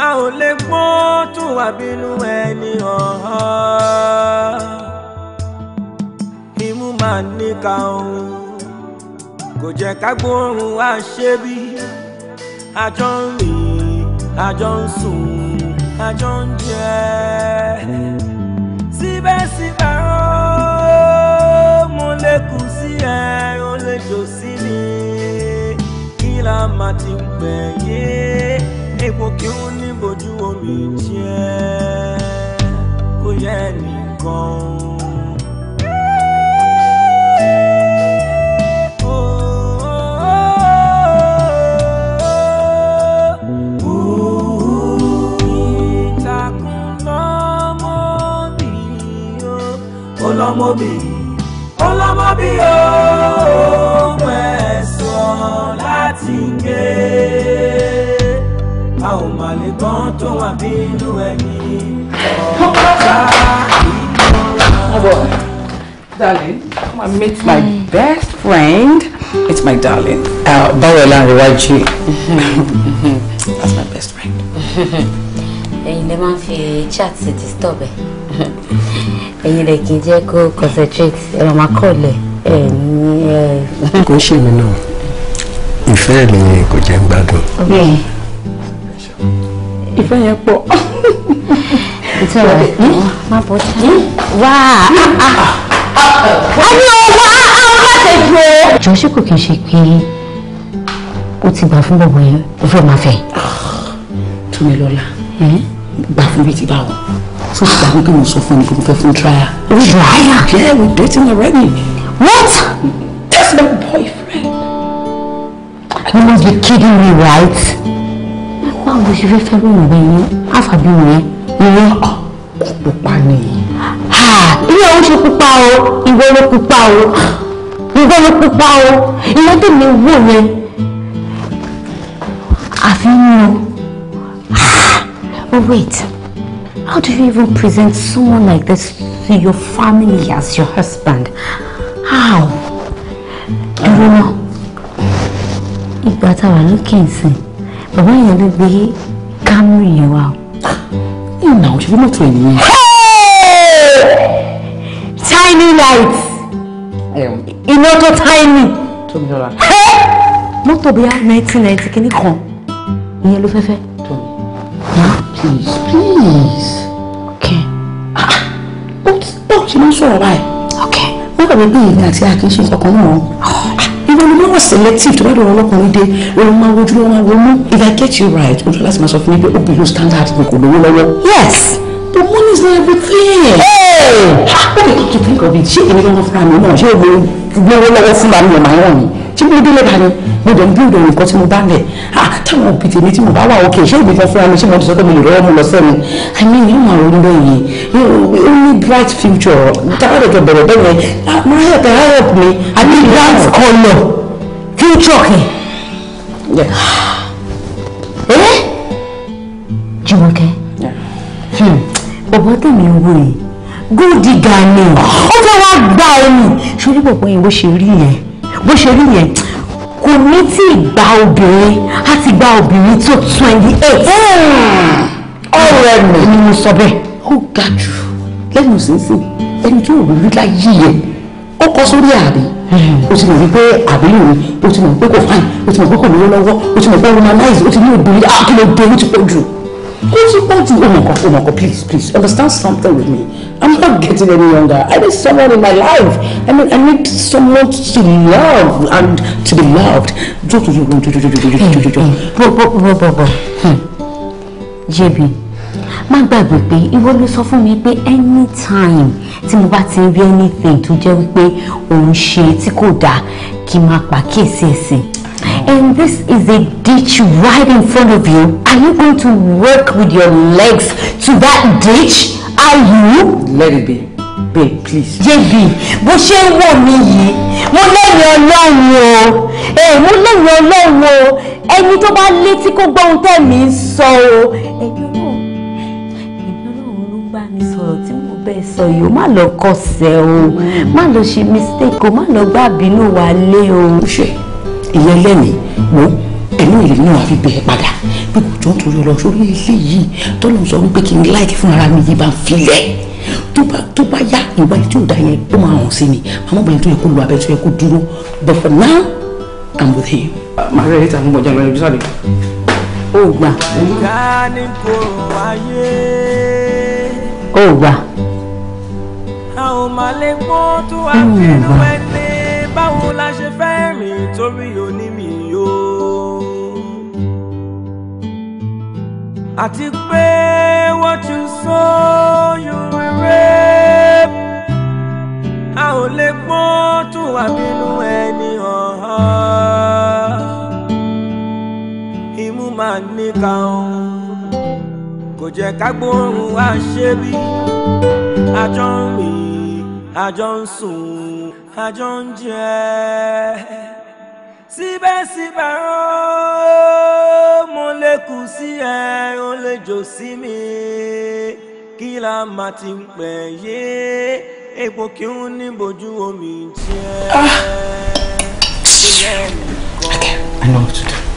a ò lè gbọ́n tún wà bínú ẹni ọ̀hán imú máa níka òun kò jẹ́ ká gbóhùn wá ṣe bí àjọ ń rìn àjọ ń sùn àjọ ń jẹ síbẹ̀síbẹ̀ ó mo lè kù sí ẹ ó lè jò sí mi kí la máa ti gbẹ̀yẹ́ ipò kí ó ní bojú omi jẹ́ kó yẹ nìkan. Ọlọ́mọbí, ọlọ́mọbí ooo, pẹ̀sán láti gbé a ò mà lè tán tó wà bínú ẹni ọ̀tá ìmọ̀ràn. darling come and meet my best friend it's my darling báwo la Rewájí that's my best friend. ẹ̀yin lè máa fi chat ṣe disturb ẹ ẹ̀yin lè kì í jẹ́ concentrate ẹ̀rọ máa kọ̀ lẹ̀ ẹ̀ ní. kò ṣe mí náà ìfẹ́ mi kò jẹ́ Okay ìfẹ́ yẹn pọ̀. ìtura rẹ̀ hmm? má bọ́ sí. wá a ní ọwọ́ àwọn láti dùn ó. jọ ṣé kò kí n ṣe pé ó ti gbà fún bọ̀bọ̀ yẹn ó fẹ́ máa fẹ́. túnmí lọ́la hmm? gbà fún mi ti bá wọn tó ti gbà wípé mo sọ fún mi pé mo fẹ́ fún tíráyà. tíráyà. yeah we dating already. what. that's my boyfriend. you must be kidding me right báwo ló ṣe fẹ́ fẹ́ lónìí bẹ́ẹ̀ ni àfàbíwò yẹn ìyẹn pupa ni. ilé ọ̀hún ṣe pupa o ìwọ ló pupa o ìwọ ló pupa o ìwọ tó mi wò yẹn àfihàn oh wait how do you even present someone like this to your family as your husband how. dúró náà ìgbà táwa lókè ìsìn bàbá yẹn ló gbé Camry yẹn wá o ìnà òṣèlú mọ́tò ẹ̀ nìyẹn. tiny light iná tó tiny. tóbi lọ́la. mọ́tò bíi nineteen ninety kìíní kan ìyẹn ló fẹ́fẹ́. tóbi please please. okay. Ah, ó ti báwo ṣe máa ń sọ̀rọ̀ báyìí. okay. wọ́n kàn mí bí ìgbà tí a kì í ṣe ìṣọ̀kan náà. Oh ló máa wà selective tó bá dọ̀rọ̀ ọlọ́kùnrin dé o ló máa wojú ló máa wọnú if i get you right o ní láti máa sọ fún mi pé obìnrin ló standard kò lówó lọ́wọ́. yes but money is not everything. ó lè kọ́kì think of it ṣé èmi lọ́wọ́ fúnra mi náà ṣé o lè gbówó lọ́wọ́ fúnra mi ọ̀nà ẹ̀wọ̀n mi ṣé mo délé bá ní mo dẹ̀ ń bí ìdọ̀rùn nǹkan tí mo bá lẹ̀ ah táwọn òbí tèmi tí mo bá wà òkè ṣé èmi kan fúnra mi ṣé mo ti sọ pé mo lè rọ́wọ́ mo lọ sẹ́mi i mean yóò máa ronú lẹ́yìn ó ní bright future táwọn ẹ̀jọ̀ bẹ̀rẹ̀ bẹ́ẹ̀ yẹn ah, máa help me i need that colour new truck ni. Jùmọ̀kẹ́ bọ̀bọ̀ tèmi ń wò yìí gold digger ni ó fẹ́ wá gbá ẹni ṣorí bọ̀bọ̀ yẹn bó ṣe rí yẹn bó ṣe rí yẹn kò ní tí ì gba obìnrin á ti gba obìnrin tó twenty eight. Hmm. ọ̀rẹ́ mi ni mo sọ bẹ́ẹ̀. ó ga jù lẹ́nu sínsìn ẹni tó rí láyé yẹn ó kọ sórí àárín o ti mọ̀ wípé àbílẹ̀ mi o ti mọ̀ pé kò fáìn o ti mọ̀ pé kò lówó lọ́wọ́ o ti mọ̀ pé romanize o ti ní obìnrin ah kí ló dé o ti pọ̀ jù o ti pọ̀ jù o mọ̀ kọ́ o mọ̀ kọ́ please please understand something with me I'm not getting any younger I need someone in my life I mean I need someone to love and to be loved jọ́tò má gbàgbé pé ìwọ ló sọ fún mi pé anytime tí mo bá ti rí anything tó jẹ́ wípé òun ṣe tí kò dáa kí n máa pàkíyèsí ẹ̀sìn. And this is a ditch right in front of you. Are you going to work with your legs to that ditch? Are you? Let it be. Babe, please. JB, bó ṣe ń wò mí yìí, mo lẹ́yìn ọlọ́run o. Ẹ mo lẹ́yìn ọlọ́run o. Ẹni tó bá létí kó gbọ́ ohun tẹ̀mí ń sọ o. Ẹni bá mi sọ̀rọ̀ tí mo bẹ́ẹ̀ sọ yìí o má lọ kọsẹ̀ o má lọ ṣe mistake o má lọ gbá bínú wa lé o. ṣe ìyẹn lẹ́mìí wo ẹ̀mí ìlú náà fi bẹ̀ẹ́ padà bí kò jọ́ nítorí ọlọ́ sórí ilé yìí tọ́lọ́ sọ wípé kí n láìkí fún ara mi yìí bá ń filẹ̀ tó bá yá ìwà tí ò dá yẹn ó máa hàn sí mi àmọ́ bẹ̀rẹ̀ tó yẹ kó lu abẹ́ tó yẹ kó dúró but for now I'm with him. màá rẹ̀ ẹ̀ta fún bọ́jà lọ́yẹ̀ ojú sáré. ó gbà. ká ní kò wáyé ó gbà. àti pé what you sow you will a ò lè pọ́ tó wà nínú ẹni ọ̀hán. imú máa ní ká ọ́n kò jẹ́ ká gbóhùn wá ṣe bí àjọ ń mì àjọ ń sùn àjọ ń jẹ síbẹ̀síbẹ̀ ó mo lè kù sí ẹ ó lè jò sí mi kí la máa ti pẹ̀ yé epo kí n níbojú omi jẹ́ ó ah! I know what to do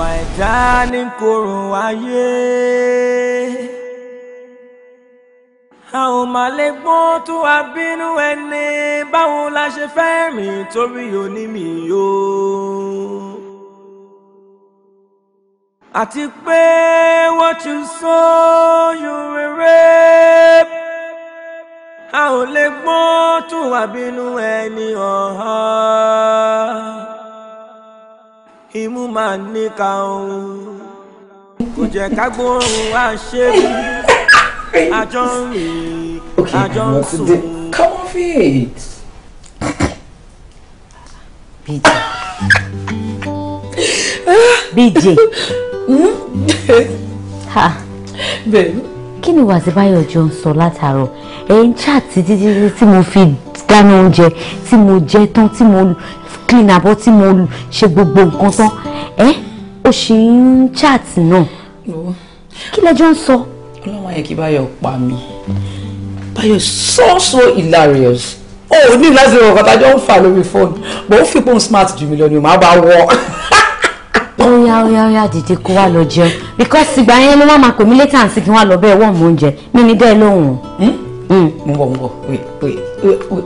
ìwà ẹ̀dá ní koro ayé a ò mà lè gbọ́ tó wá bínú ẹni báwo la ṣe fẹ́ rìn torí òní mi yó. àti pé what you sow you will reap a ò lè gbọ́ tó wá bínú ẹni ọ̀hán imú máa ní ka òun kò jẹ́ ká gbóhùn àṣẹ́bí àjọ ń rìn àjọ ń sùn. come off it. bíjì bíjì kí ni wàsíbáyọ̀ jọ ń sọ látàárọ̀ ẹ̀ ń chat títí tí mo fi dáná oúnjẹ tí mo jẹ tán tí mo clean abọ́ tí mo ṣe gbogbo nǹkan tán ẹ ó ṣì ń chat náà kí lẹjọ ń sọ. ọlọ́wọ́n yẹ kí báyọ̀ pa mi báyọ̀ so so hilarious ó ní láti rọ̀ kọ́tà jọ ń fà lórí fóònù bó ń fipò smart jù mí lọ ni màá bá wọ̀ oya oya oya dìde kó wá lọ jẹun because ìgbà yẹn ló wá máa pè mí létà sí kí wọ́n lọ bẹ́ẹ̀ wọ́n mú oúnjẹ mí ní lóhùn. Hm? mo ń bọ̀ mo ń bọ̀ wait wait wait wait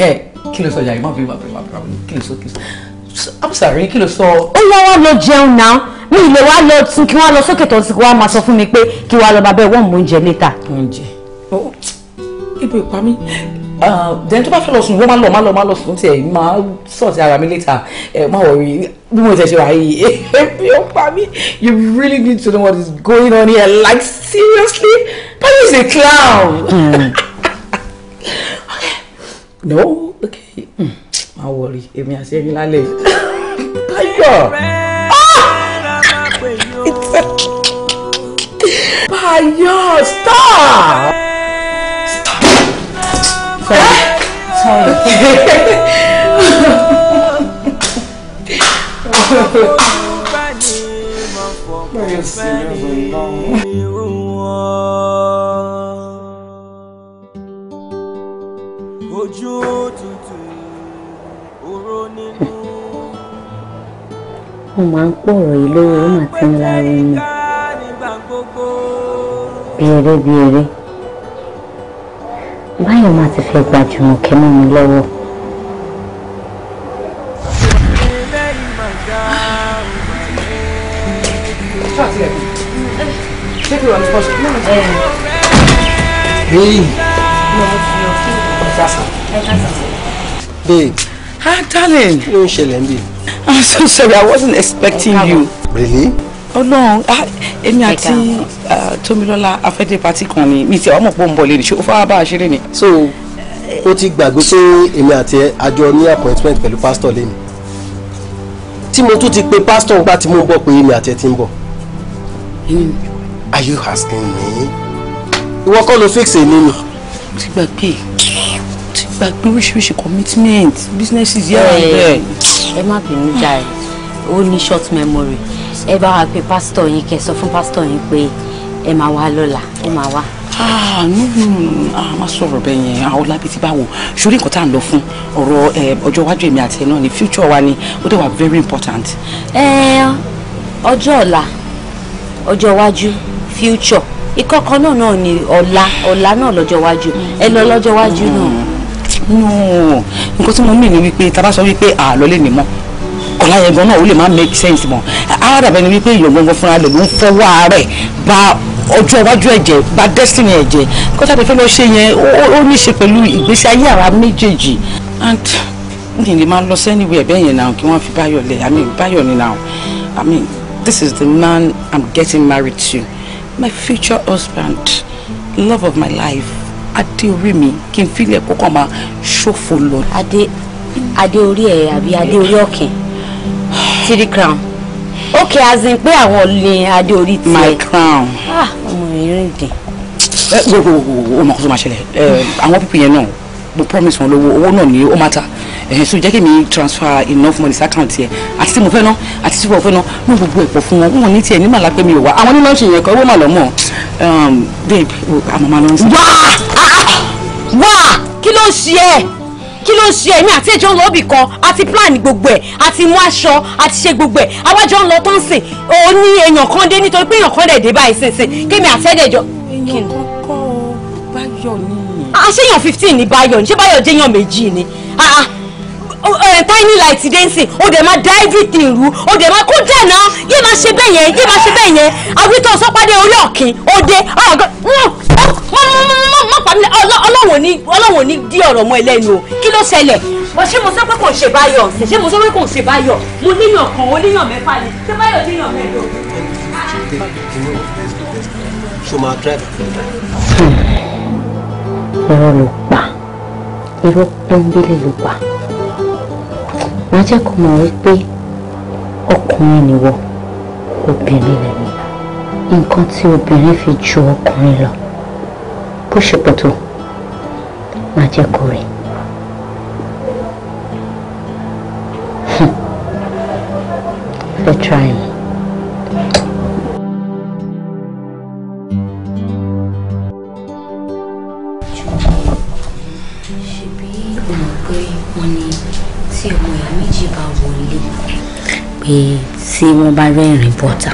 wait kí ló sọ jàre má fi má fi má fi kí ló sọ kí ló sọ i'm sorry kí ló sọ. ó wá wá lọ jẹun náà mi ì lè wá lọ tún kí wọ́n lọ sókè tó ti wá máa sọ fún mi pé kí wọ́n lọ bàbá ẹ̀ wọ́n mú oúnjẹ létà. oúnjẹ oh, oh, ibi ìpamí Uh, then tó bá fẹ́ lọ sùn wọ́n máa lọ máa lọ máa lọ sùn tiẹ̀ máa sọ̀tì ara mi later ẹ má wọrí bí mo tẹ̀ ṣe wà yìí [laughs] ebi ó pa mí you really need to know what is going on here like seriously Paul is a clown. [laughs] Mm. okay. [laughs] no okay hmm. má wọrí èmi àti ẹni lálẹ́ Báyọ̀ Báyọ̀ stop sorry sorry. Báyọ̀ Mo máa ń pọ̀rọ̀ yìí lówó, ó mà ti ń la orin Bí eré bí eré báyọ̀ máa ti fẹ́ gba jùmọ̀kẹ́ mọ́ mi lọ́wọ́. Babe. Ah, darling. Kí ló ń ṣẹlẹ̀ ń bì? I'm so sorry, I wasn't expecting you. Really? Ọlọ́run oh, ah, èmi àti ah, Tómilọ́lá afẹ́dé pati kan ni mi ti ọmọ pọ̀ ń bọ̀ lè ní ṣé ó fọwọ́ bá a ṣeré ni. so ó ti gbàgbé pé èmi àti àjọ ní appointment pẹ̀lú pásítọ̀ lẹ́nu tí mo tún ti pe pastor, nígbà tí mo bọ̀ pé èmi àti ẹ ti ń bọ̀. are you asking me? ìwọ kọ́ ló fix èmi ni. mo ti gbàgbé mo ti gbàgbé oríṣiríṣi commitment businesses yẹ́rọ̀ ẹ̀. ẹ má bínú jàre ó ní short memory ẹ bá wa pe pásítọ̀ yín kẹ́ sọ fún pásítọ̀ yín pé ẹ máa wá lọ́la ó máa wá. a ah, ah, máa sọ̀rọ̀ bẹ́ẹ̀ yẹn àwọn lábẹ́ ti bá wò sórí nǹkan tá à ń lọ fún ọ̀rọ̀ ọjọ́ iwájú èmi àti ẹ̀ náà ni future wa ni ó dẹ̀ wà very important. ọjọ́ ọ̀la ọjọ́ iwájú future ìkọ̀kan náà náà ni ọ̀la ọ̀la náà lọ́jọ́ iwájú ẹ lọ lọ́jọ́ iwájú náà. Mm. nǹkan tí mo mì ní wípé tá a bá sọ wípé àlọ́ lè ní mọ́ ọ̀la náà ó lè má make sense mọ́ á ni wípé ìyọ̀ gbọ̀ngàn fúnra rẹ̀ ló ń fọwọ́ ààrẹ bá ọjọ́ iwájú ẹ̀jẹ̀ bá destiny ẹ̀jẹ̀ kọ́tà tó fẹ́ lọ ṣe yẹn ó ní í ṣe pẹ̀lú ìgbésí ayé àwa méjèèjì and mi lè máa lọ sẹ́niwé ẹ̀bẹ́ yẹn náà kí wọ́n fi báyọ̀ lẹ̀ i mean báyọ̀ ni now i mean this is the man i'm getting married to my future husband love of my life adé orí mi kí n fílẹ̀ kókàn máa ṣòfò lọ. adé adé orí ẹ àbí adé orí ọkàn [sighs] three crown ok as in pé àwọn lè adé orí tiẹ̀. my crown. ah ọmọ ìrìn dì. ẹ gbogbo gbogbo o mọ kó tó máa ṣẹlẹ̀ eh, àwọn pípì yẹn náà mo promise wọn lówó owó náà ni ó máa ta eh, so jẹ́ kí mi transfer enough money sí account yẹn àti tí mo fẹ́ ná àti tí mo fẹ́ ná ní gbogbo ẹ̀pọ̀ fún wọn wọn ní tiẹ̀ ní màlá pé mi ò wá àwọn onímọ̀ ṣèyàn kan owó mà lọ́mọ́ um, babe àmọ́ máa lọ sí. wá ah, ah, wá kí ló ń ṣe ẹ́ kí ló ń ṣe èmi àti ẹjọ́ ń lọ ibì kan àti plan gbogbo ẹ̀ àti mú aṣọ àti ṣe gbogbo ẹ̀ àwájọ ń lọ tó ń sìn ó ní èèyàn kan dé nítorí pé èèyàn kan dẹ̀ dé báyìí sínsìn kémi àti ẹ̀dẹ̀jọ. èèyàn kọ́kọ́ báyọ̀ ni. àṣeyàn fifteen ni báyọ̀ ní ṣé báyọ̀ jẹ́yàn méjì ni eh, tiny light dancing o dẹ̀ máa da everything ru o dẹ̀ máa kó dẹ̀ náà yé máa ṣe bẹ́ẹ̀ yẹn yé máa ṣe bẹ́ẹ̀ yẹn àwítọ́ sọ́pàdé orí ọ̀kìn ó dé ọ̀gá. Ah, má pa mí ọlọ́wọ̀n ní ọlọ́wọ̀n ní dí ọ̀rọ̀ mọ́ ẹlẹ́nu o kí ló ṣẹlẹ̀. mo ṣé mo sọ pé kò ṣe báyọ̀ ṣé mo sọ pé kò ṣe báyọ̀ mo níyàn kan ó níyàn mẹ́fà ni ṣé báyọ̀ níyàn mẹ́ẹ̀ẹ́dọ́gbọ̀n. ṣo máa drive. irọ́ ló pa irọ́ pọ́ńbélé ló pa wọ́n jẹ́ kó mọ̀ wípé ọkùnrin nìwọ obìnrin lẹ́nu nǹkan tí obìnrin fi ju ọkùnrin lọ kó ṣe pọ̀ tó máa jẹ́ kó rí. They're trying. pé tí wọ́n bá rẹ́rìn bọ́ta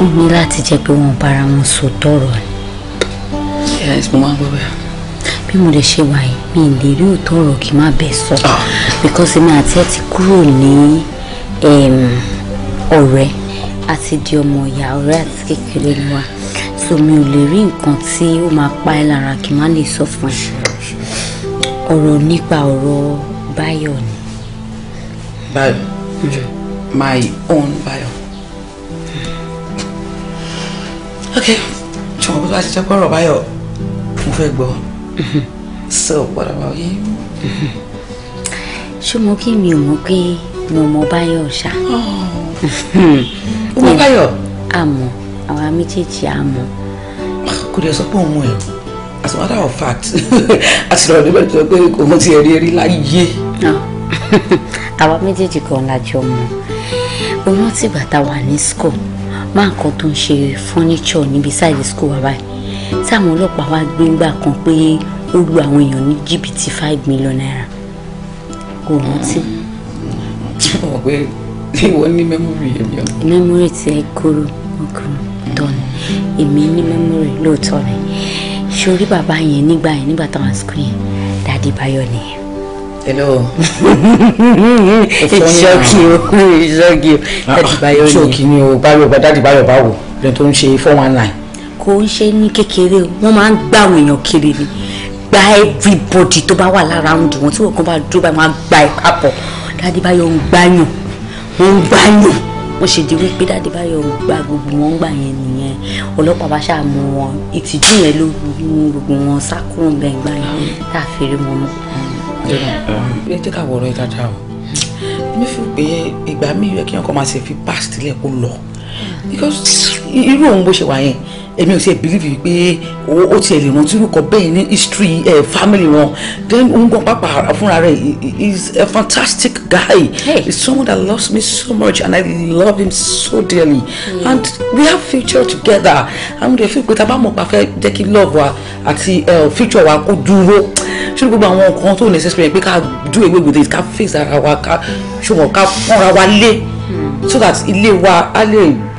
ó ní láti jẹ́ pé wọ́n bára wọn sọ tọ̀rọ̀ ni sometimes mo máa ń gbọ́ bẹ́ẹ̀. bí mo lè ṣe wà yìí mi lè rí òótọ́ ọ̀rọ̀ kí n má bẹ̀ sọ ah. because èmi àti ẹ ti kúrò ní ọ̀rẹ́ àti di ọmọ ìyá ọ̀rẹ́ àti kékeré ni wa so mi ò lè rí nǹkan tí ó máa pa ẹ́ lára kí n má lè sọ fún ẹ ọ̀rọ̀ nípa ọ̀rọ̀ Báyọ̀ ni. Báyọ̀ my own Báyọ̀. Hmm. okay ṣùgbọ́n bí wọ́n ti jẹ́ pé ọ̀rọ̀ Báyọ̀ fẹ́ gbọ́ sọ padà wá yé. ṣé mo kí mi ò mọ̀ pé mi ò mọ báyọ̀ ṣá. ó mọ báyọ̀. àmọ́ àwa méjèèjì àmọ́. kò dẹ̀ sọ pé òun ẹ̀ as a matter of fact àti [laughs] lọ́rọ̀ níbẹ̀ tó pé kò mọ ti ẹ̀rí ẹ̀rí láyé. Ah. [laughs] àwa méjèèjì kan la jọ mọ̀ oyún tìgbà tá a wà ní school máa ń kọ́ tó ń ṣe fọ́níṣọ̀ níbi sáìdì school wa báyìí táwọn ọlọ́pàá wá gbé ńgbà kan pé ó lu àwọn èèyàn ní jìbìtì five million naira kò rántí. ọ̀ pé tí wọ́n ní mẹ́mórì èmi ọ̀. mẹ́mórì ti ẹ kúrò ọkùnrin tọ́ ni èmi ní mẹ́mórì lóòótọ́ ni sórí bàbá yẹn nígbà yẹn nígbà táwọn àsìkò yẹn dáadé báyọ̀ nìyẹn. Hello. it's shocking o it's o. Daddy Bayo ni. Shocking ah, ah, ni o Bayo Daddy Bayo báwo lẹ́yìn tó ń ṣe four one nine kò ń ṣe ní kékeré o wọ́n máa ń gbà àwọn èèyàn kiri ni gba everybody tó bá wà lára ń dùn wọn tí wọn kàn bá dúró báyìí wọn á gba ẹ papọ̀ dáadé báyọ̀ ń gbáyàn wọ́n ń gbáyàn wọ́n ṣe di wípé dáadé báyọ̀ ń gba gbogbo wọn gbà yẹn nìyẹn ọlọ́pàá bá ṣáà mú wọn ìtìjú yẹn ló mú gbogbo wọn sákúrò ń bẹ̀ ń gbà yẹn láàfin mọ́ mọ́. ẹ jẹ́ ká wọ̀rọ̀ ẹ dáadáa o mi fi pé ìgbà mi yẹ kí irú òun bó ṣe wà yẹn èmi ò tiẹ̀ bílíìfì pé ó tiẹ̀ lè rántí orúkọ bẹ́ẹ̀ ní history ẹ̀ family wọn then òun gan pápá fúnra rẹ̀ he is a fantastic guy hey. he is someone that loves me so much and I love him so dearly mm. and we have future together àwọn èdè fíìpé tá a bá mọ̀ pa fẹ́ jẹ́ kí love wa àti future wa kó dúró ṣé gbogbo àwọn nǹkan tó necessary pé ká do away with it ká face ara wa ká ṣùgbọ́n ká pọ́nra wa lé hmm. so that ilé wa á lè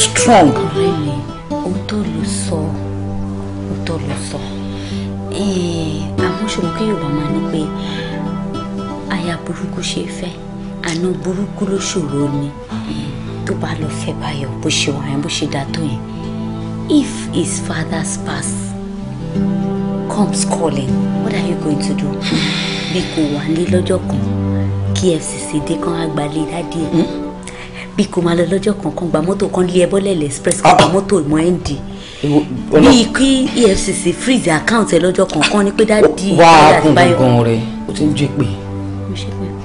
strong. Really, òótọ́ ló sọ òótọ́ ló sọ eh, àmọ́ ṣòro kí Yorùbá máa ní pé aya burúkú ṣe fe àná burúkú ló ṣòro ni eh, tó bá lọ fẹ́ báyọ̀ bó ṣe wà yẹn bó ṣe dá tó yẹn if his father's past comes calling what are you going to do bí kò wà ní lọ́jọ́ kan kí EFCC dé kan àgbàlẹ̀ dádì ẹ̀. Hmm? bí kò máa lọ lọ́jọ́ kankan gba mọ́tò kan lé ẹbọ́ lẹ́lẹ̀ express kan gba ah. mọ́tò ìmọ̀ ẹ̀ ń di bíi kí EFCC freeze account ẹ lọ́jọ́ kankan ni pé dáàdi ìpàdé àti báyọ̀. wá gbọ̀ngàn rẹ o ti ń jẹ pé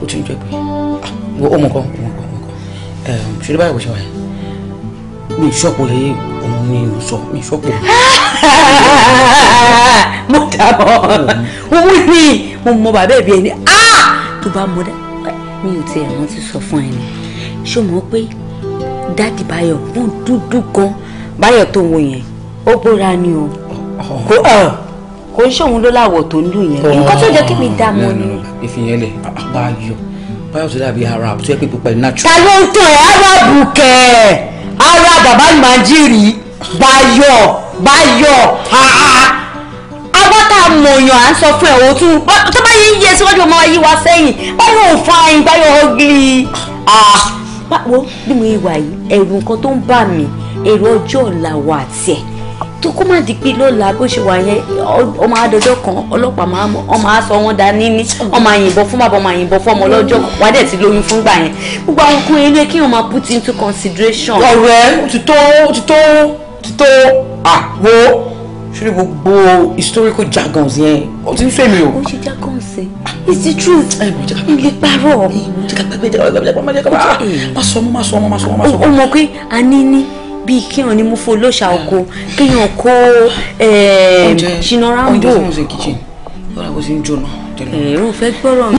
o ti ń jẹ pé ọmọ ah, kan o kan ọmọ kan ṣẹlẹ báyọ̀ ṣe wáyé mi ṣọ́pù yẹ òun ni mo sọ mi ṣọ́pù. [laughs] mo dàbọ̀ owó hmm. ni mo mọ bàbá ẹ̀ bí ẹni ah! tó bá mọ dá mi ò tiẹ̀ rántí sọ fún ẹ ni ṣó mọ̀ pé dáàdì Báyọ̀ wọ́n dúdú gan Báyọ̀ tó wọ yẹn ó bóra ni o kò ọ̀ kò ń ṣòun ló láwọ̀ tó ń lù yẹn nǹkan tó jẹ́ kí mi dá mọ́ ni. ìfihàn lẹ Báyọ̀ Báyọ̀ tó dàbí Arab tó yẹ pé pupa ní natural. ta ló ń tàn ẹ́ Arab kẹ̀ ara bàbá màjírì Báyọ̀ Báyọ̀ agbọ́ta mọ̀yàn à ń sọ fún ẹ̀ o tún tó bá yẹ yíyẹ síwájú ọmọ yìí wá sẹ́yìn báyọ̀ ò fa ìgbáyọ̀ ọ̀gìrì wo bí mo ìwà yìí ẹ̀rù nǹkan tó ń bà mí èrò ọjọ́ ọ̀la wà àti ẹ̀ tó kó má di pé lọ́la bó ṣe wà yẹn ọmọ adọjọ́ kan ọlọ́pàá máa mọ ọmọ aṣọ wọn dání ní ọmọ àyìnbọn fún bàbá ọmọ àyìnbọn fún ọmọ ọlọ́jọ́ wà dẹ̀ ti lóyún fún gbà yẹn gbogbo àwọn okùn ilé kí wọn máa put into consideration. ọ̀rẹ́ òtítọ́ òtítọ́ òtítọ́ àwo ah, ṣúlẹ̀ gbogbo historical jargons yẹn o ti ń fẹ́ mi o. o ṣe jargons ẹ it's the truth ilé parọ́. má sọ mọ́ má sọ mọ́ má sọ mọ́ má sọ mọ́. o mọ̀ pé a ní ní bíi kéèyàn ni mo fo lóṣà oko kéèyàn kó ṣìnà rambo. ọjọ́ ìṣẹ́ kìchìn lọ́la bó ti ń jóná. ẹ̀rọ fẹ́ gbọ́rọ̀ mi.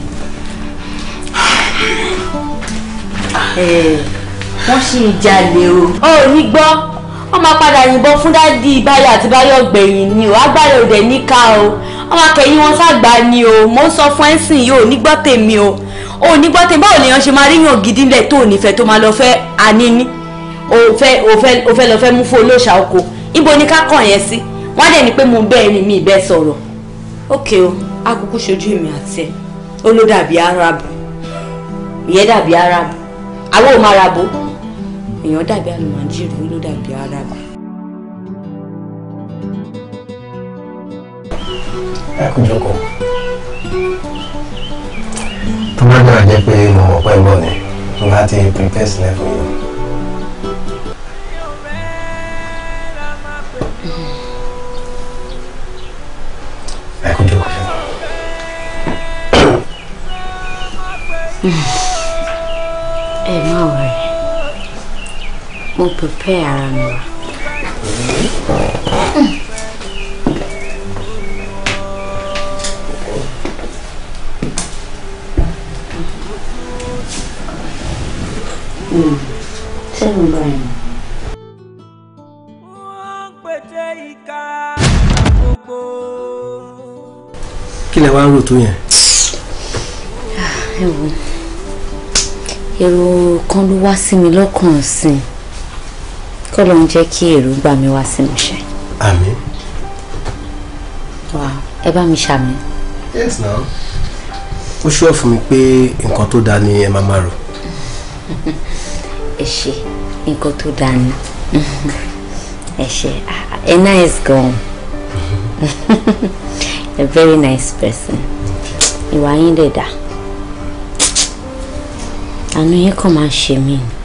wọ́n ṣì ń jalè o. ó ní gbọ́ wọ́n máa padà yìnbọn fún dádì báyọ̀ àti báyọ̀ gbẹ̀yìn ni o agbára òdẹ níka o wọ́n máa kẹ̀yìn wọn sàgbà ni o mo ń sọ fún ẹ̀sìn yìí ò ní gbọ́ tèmi o ò ní gbọ́ tèmi báwo lèèyàn ṣe máa ríyàn gidi ńlẹ̀ tó nífẹ̀ẹ́ tó máa lọ fẹ́ àníní o fẹ́ lọ fẹ́ mú fún olóòṣà oko ibo ni ká kàn yẹn sí wọ́n dẹ̀ ni pé mo bẹ́ẹ̀ ni mi ì bẹ́ẹ̀ sọ̀rọ̀ ókè o akókó ṣojú èmi àti ẹ ó ló dàbí arábù ìyẹn dàbí arábù àwọn ò máa rabò èèyàn dàbí àlùmájírì ló dàbí arábà. ẹ kú jókòó tó bá dára jẹ́ pé mo mọ̀ pé ń bọ̀ ni mo bá ti prepare sílẹ̀ fún yín. ẹ kú jókòó mo prepare ara mi wa. sẹ́yìn báyìí. kí lẹ wá ń rò tó yẹn. Ah, ẹ wo èrò kan ló wá sí mi lọ́kàn sí i kọ́ ló ń jẹ́ kí èròǹgbà mi wá sínú iṣẹ́. àmín. wà ẹ bá mi ṣàmì. yes na O ṣọ́ fún mi pé nǹkan tó dáa ni ẹ máa máa rò. [laughs] ẹ ṣe nǹkan tó dáa ni [laughs] ẹ ṣe a nice girl [laughs] a very nice person ìwà yín dẹ̀ dá àánú yín kàn máa ń ṣe mí ni.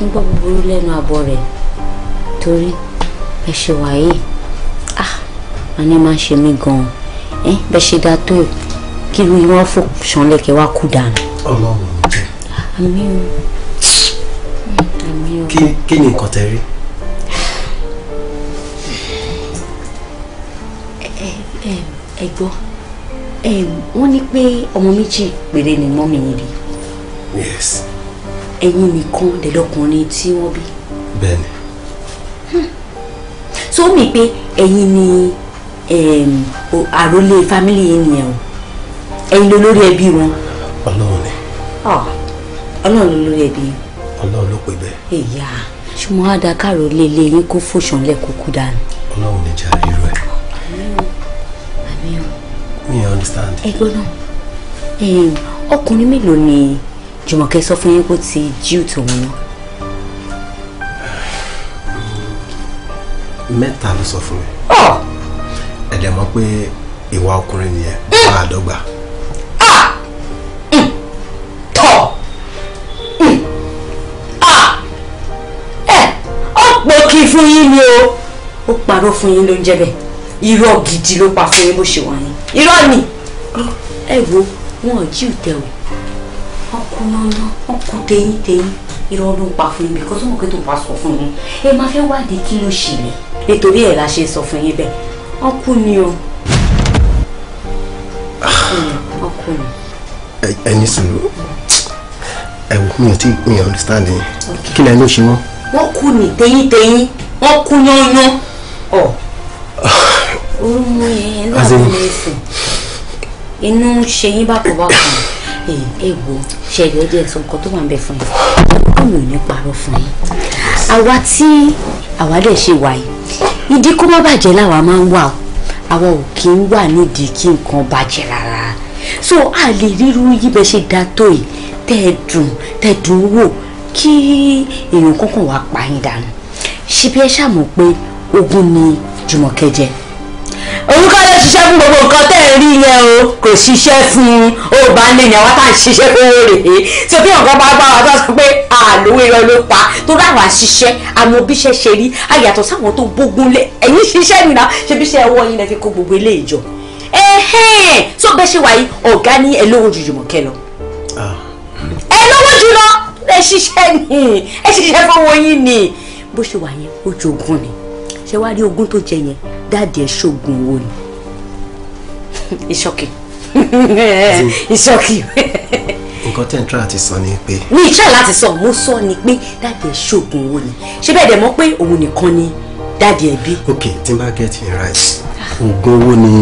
kí n gbọ́ búburú lẹ́nu àbọ̀ rẹ̀ torí ẹ ṣe wàyí ah àní máa ń ṣe mí gan-an ẹ bẹ́ẹ̀ ṣe dáa tó kí irú irun ọ̀fọ̀ ṣanlẹ̀ kẹ́ wá kú dànù. kí ni nǹkan tẹ rí. ẹ gbọ́ wọ́n ní pé ọmọ méjì péré ni mọ́mí yìí rí ẹ̀yin nìkan lẹ́lọ́kùnrin tí wọ́n bí. bẹ́ẹ̀ni. tó hmm. mi pé ẹ̀yin ni ehm, àròlé fámìlì yìí nìyẹn o ẹ̀yin ló lórí ẹbí wọn. ọlọ́run ni. Ah, ọlọ́run ló lórí ẹbí. ọlọ́run ló pè bẹ́ẹ̀. èyà ṣùgbọ́n àdàkàrò lè lè yín kó fòṣàn lẹ́kọ̀ọ́kú dànù. ọlọ́run ní jàre irú ẹ̀. mi ò understand. ẹ gbọ́dọ̀ ọkùnrin mélòó ni. Jùmọ̀kẹ́ sọ fún yín pé ó ti jíù tòun náà. mẹ́ta ló sọ fún mi. ẹ̀dẹ̀ mọ̀ pé ìwà ọkùnrin nìyẹn eh! máa dọ́gba. Ah! Hmm. tọ̀ hmm. ah! eh! ọ̀ pé kí fún yín ni o ó parọ́ fún yín ló ń jẹ́ bẹ́ẹ̀ irọ́ gidi ló pa fún yín bó ṣe wà yín irọ́ ni eh, ẹ wo wọn ò jíù tẹ o nọ́nà wọn kú tẹ̀yìn tẹ̀yìn irọ́ ló ń pa fún yín because wọn kò tó bá sọ fún yín ẹ máa fẹ́ wádìí kí ló ṣẹlẹ̀ nítorí ẹ̀ la ṣe sọ fún yín bẹ́ẹ̀ wọn kú ni o. wọn kú ni. ẹni sùúrù ẹ wò mí ò tí mi ò understand yín kí lẹ́nu ṣe wọ́n. wọ́n kú ni tẹ̀yìn tẹ̀yìn wọ́n kú yányán. ọ̀ [sighs] orúmọ yẹn ló àbúrò ẹ̀sìn inú ṣe yín bá kọ̀ bá kàn ẹ wo ṣẹlẹ̀ ọjọ́ ẹ̀sùn nǹkan tó wà ń bẹ fún yín ọmọ ò ní parọ́ fún yín àwa tí àwa dẹ̀ ṣe wà yìí ìdí kó má bàjẹ́ làwa máa ń wà o àwa ò kí ń wà nídìí kí nǹkan bàjẹ́ rárá so a lè ríru yíbẹ ṣe da tó yìí tẹ́ ẹ dùn tẹ́ ẹ dùn wò kí èèyàn kankan wàá pa yín dànù ṣe ẹ ṣàmọ̀ pé ogun ni Jùmọ̀kẹ́ orúkọ ló ṣiṣẹ́ fún gbogbo nǹkan tẹ́ ẹ̀ rí yẹn o kò ṣiṣẹ́ fún un ó bá ń lè ní àwọn tá à ń ṣiṣẹ́ owó rèé tí òbí ọ̀gá bá gbá wa tó sọ pé àlówó irọ́ ló pa tó dáwà ṣiṣẹ́ àmọ́ bíṣẹ́ ṣe rí àyàtọ̀ sáwọn tó gbógun lé ẹ̀yìn ṣiṣẹ́ nìyà ṣe bíṣẹ́ ọwọ́ yín lẹ fi kó gbogbo ilé ìjọ ẹ̀hẹ́n tó bẹ́ ṣe wáyé ọ̀gá ní ẹ lówó ju Jùmọ̀kẹ́ lọ ẹ lówó jù lọ ẹ ṣiṣẹ́ ni ẹ ṣiṣẹ́ fọwọ́ ṣé wàá rí ogún tó jẹ yẹn dáàdì ẹ ṣoògùn owó ni. ìṣọ́kì [laughs] ìṣọ́kì. nǹkan tẹ́ ń tíra láti sọ ni pé. mi ìtíra láti sọ mo sọ ni pé dáàdì ẹ ṣoògùn owó ni ṣé bẹ́ẹ̀ dẹ̀ mọ̀ pé òun nìkan ni dáàdì ẹ bí. ok tí n bá get it right oògùn owó ni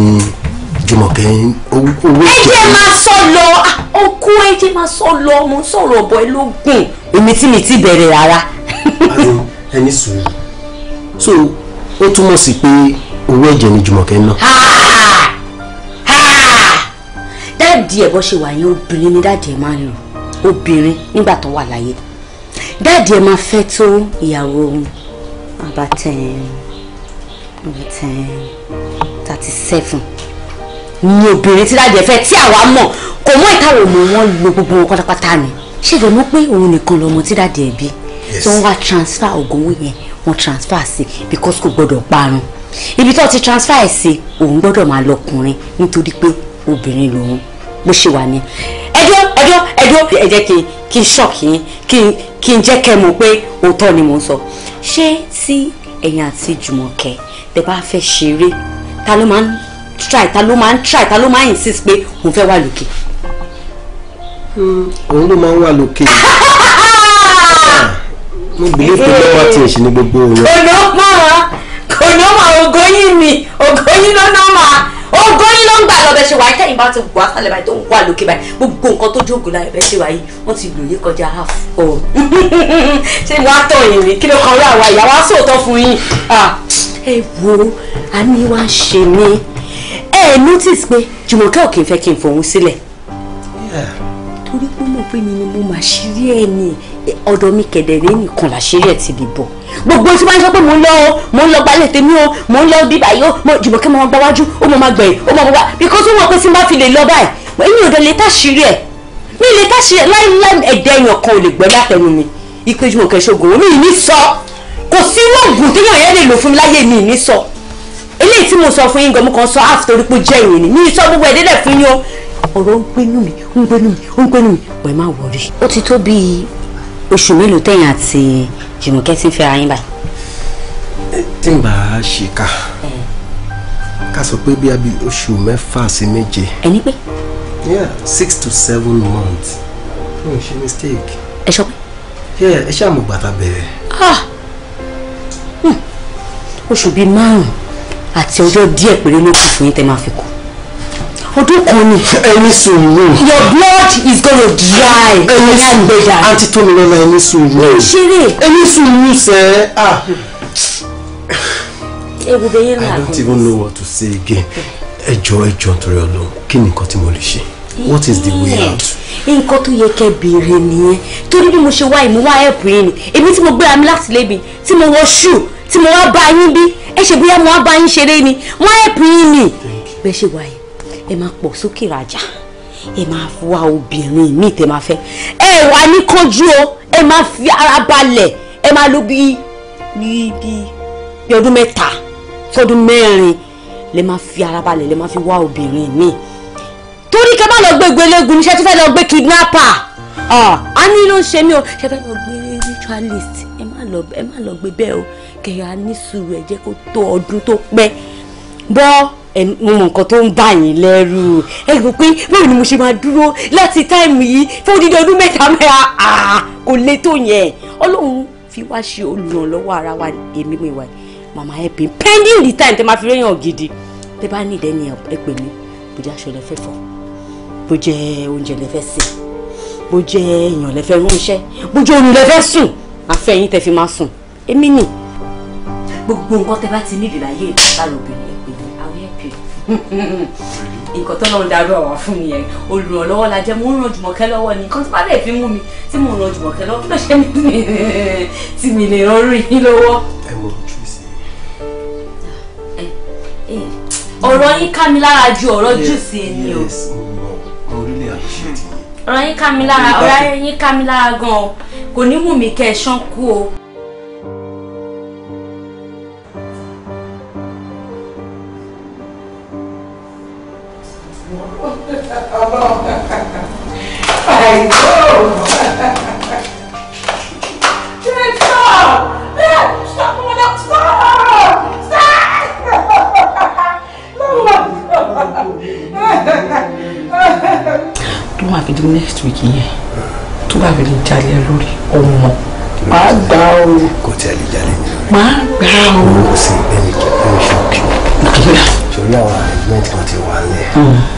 jùmọ̀kẹ́ owó ìjọba. ẹ jẹ́ máa sọ lọ ọkọ ah, ẹ jẹ́ máa sọ lọ mo ń sọ̀rọ̀ ọ̀bọ ẹ ló èmi tí mi ti bẹ̀rẹ̀ rárá. ẹni sùúrù so ó túmọ̀ sí pé owó ẹ̀jẹ̀ ni Jùmọ̀kẹ́ ń ná. dáàdì ẹ̀ bọ́ ṣe wà yẹn obìnrin ni dáàdì ẹ̀ máa ń lò obìnrin nígbà tó wà láyé dáàdì ẹ̀ máa fẹ́ tó ìyàwó abatẹ́n abatẹ́n thirty seven ni obìnrin tí dáàdì ẹ̀ fẹ́ tí àwa mọ̀ kò mọ ìtawọ̀ mọ̀ wọ́n lo gbogbo wọn pátápátá ni ṣé ìdùnnú pé òun nìkan lọmọ tí dáàdì ẹ̀ bí tí wọ́n wá transfer oògùn owó yẹn wọ́n transfer sí because kò gbọ́dọ̀ parun ibi tó ti transfer ẹ̀ sí òun gbọ́dọ̀ máa lọkùnrin nítorí pé obìnrin lòun bó ṣe wà ní ẹjọ́ ẹjọ́ ẹjọ́ ẹ jẹ́ kí kí n ṣọ́ọ̀kì yín kí n kí n jẹ́ kẹ́ mọ̀ pé òótọ́ ni mò ń sọ ṣé tí ẹ̀yin àti Jùmọ̀kẹ́ tẹ bá fẹ́ ṣeré ta ló máa ń try ta ló máa ń try ta ló máa ń insist pé òun fẹ́ wà lókè. òun ló máa ń wà lókè. [laughs] mo believe pé normal thing ṣe ni gbogbo òun. kò ní mọ̀ kò ní mọ̀ ògóyìn mi ògóyìn ló ná mà ògóyìn ló ń gbà lọ bẹ ṣe wáyé tẹ̀yìn bá ti wà sálẹ̀ báyìí tó ń wà lókè báyìí gbogbo nǹkan tó jókòó láyé bẹ ṣe wáyé wọ́n ti lòye kọjá half o [laughs] ṣé wọ́n á tọ̀ yìí ni kí ló kàn rí àwa ìyàwó á sòótọ́ fún yín ẹ wo àní wá ṣe mí ẹ notice pé jùmọ̀kẹ́ ò kì í fẹ́ kí n fòun sílẹ̀ torí pé mo pé mi ni mo mà ṣírí ẹ̀ nìyí ọ̀dọ̀ mi kẹ̀dẹ̀rẹ́ nìkan làṣírí ẹ̀ ti bì bọ̀ gbogbo tí wọ́n sọ pé mò ń lọ o mò ń lọ gbalẹ̀ tèmi o mò ń lọ bí báyìí o mo jùmọ̀ kí mo máa gba wájú ó mo máa gbẹ̀yìn ó mo máa wá because ó wọ pé tí n fi lè lọ báyìí èmi ò dẹ̀ lè táṣírí ẹ̀ mi lè táṣírí ẹ̀ láíláí ẹ̀dẹ̀ èèyàn kan ò lè gbẹ́ látẹnu mi ìpè jùmọ̀ kẹṣogun mi ní sọ kò sí oògùn téèyàn yẹn lè lò fún mi láyé mi ní sọ eléyìí tí mo sọ fún yín gan mo sọ half torí pé jẹ́ ìròyìn mi sọ gbogbo ẹ̀dẹ́dẹ̀ fún yín o ọ̀rọ̀ ń gbénú mi ń gbénú mi ń gbénú mi pẹ̀ má wọrí. ó ti tó bíi oṣù mélòó tẹ̀yìn àti jùmọ̀kẹ́ ti ń fẹ́ ara yín báyìí. tí n bá a ṣe ká ká sọ pé bí a bí oṣù mẹ́fà sí méje. ẹni pé. yeah six to seven months fún ìṣe mistake. ẹ sọ pé. yeah ẹ ṣáà mọ̀ gbàtà bẹ̀rẹ̀. ah hmm. oṣù bíi márùn-ún àti ọjọ́ díẹ̀ péré ló kù fún yín tẹ́ máa fi kú ọdún kan ni. ẹni sùúrù. your blood is gonna dry. ẹni sùúrù àǹtí tó mi lọ́la ẹni sùúrù. mi ò ṣeré. ẹni sùúrù sẹ́ ah. ewu náà. i don't even know what to say again. ẹ jọ̀ọ́ ẹ jọ̀ọ́ nítorí Ọlọ́run kí ni nǹkan tí mo lè ṣe what is the way out. nǹkan tó yẹ kẹ́ béèrè nìyẹn torí bí mo ṣe wá ìmúwá ẹ̀pù yìí ni èmi tí mo gbéra mi láti lébi tí mo wọ ṣù tí mo wá bá yín bí ẹ ṣe bóyá mo wá bá yín ṣeré ni wọ́n ẹ̀pù yín ni bẹ́ẹ̀ ṣe wáyé ẹ máa pọ̀ sókè rajà ẹ máa wá obìnrin míì tẹ máa fẹ́ ẹ wà ní kánjú o ẹ máa fi ara balẹ̀ ẹ máa lo bíi bíi bíi ọdún mẹ́ta fọdún mẹ́rin lè máa fi ara balẹ̀ lè máa fi wá obìnrin míì torí kẹ́ bá lọ gbé gbélégún níṣẹ́ tó fẹ́ lọ gbé kidnapper a ní ló ń ṣe mí o ṣe fẹ́ lọ gbé ritualist ẹ má lọ ẹ má lọ gbé bẹ́ẹ̀ o kẹ̀yà ní sùúrù ẹ̀ jẹ́ kó tó ọdún tó pẹ́ bọ́ mo mọ nǹkan tó ń bà yín lẹ́rù ẹ rò pé báwo ni mo ṣe máa dúró láti táìmù yìí fún odidi ọdún mẹ́ta mẹ́ta ah, kò lè tó yẹn ọlọ́run fi wá ṣe olùrànlọ́wọ́ ara wa èmi mi wà màmá ẹ pè pending the time tẹ máa fi réyàn gidi tẹ bá ní ìdẹ́ni ẹ pè mí bójú aṣọ lẹ fẹ́ fọ bó jẹ oúnjẹ lẹ fẹ́ sè bó jẹ èèyàn lẹ fẹ́ ránṣẹ́ bó jẹ oorun lẹ sùn àfẹ́ tẹ fi máa sùn èmi nì gbogbo nǹkan tẹ bá ti nídìí láyé ìtàkàrọ̀ obìnrin nǹkan tó lọ́n darú àwa fún mi yẹn olùrànlọ́wọ́ la jẹ́ mo ń ràn jùmọ̀kẹ́ lọ́wọ́ ni nǹkan tó bá dẹ̀ fi mú mi tí mo ń ràn jùmọ̀kẹ́ lọ́wọ́ ló ṣe mí mi lè rán rí lọ́wọ́. ẹ mọ júùsì. ọ̀rọ̀ yín ká mi lára ju ọ̀rọ̀ júùsì ni o. ọ̀rọ̀ yín ká mi lára ọ̀rọ̀ yín ká mi lára gan-an kò ní mú mi kẹ́ ẹ ṣánkú o. Ọlọ́run àìgbọ́ tó máa fi di next week yẹn tó bá fi lè jalè lórí ọmọ máa gbà ó kò tí a lè jalè máa gbà ó. mo sì ń bẹ́ẹ̀ ni kí n ṣe òkè. sórí àwọn arrangement kan ti wà nílẹ̀. Hmm.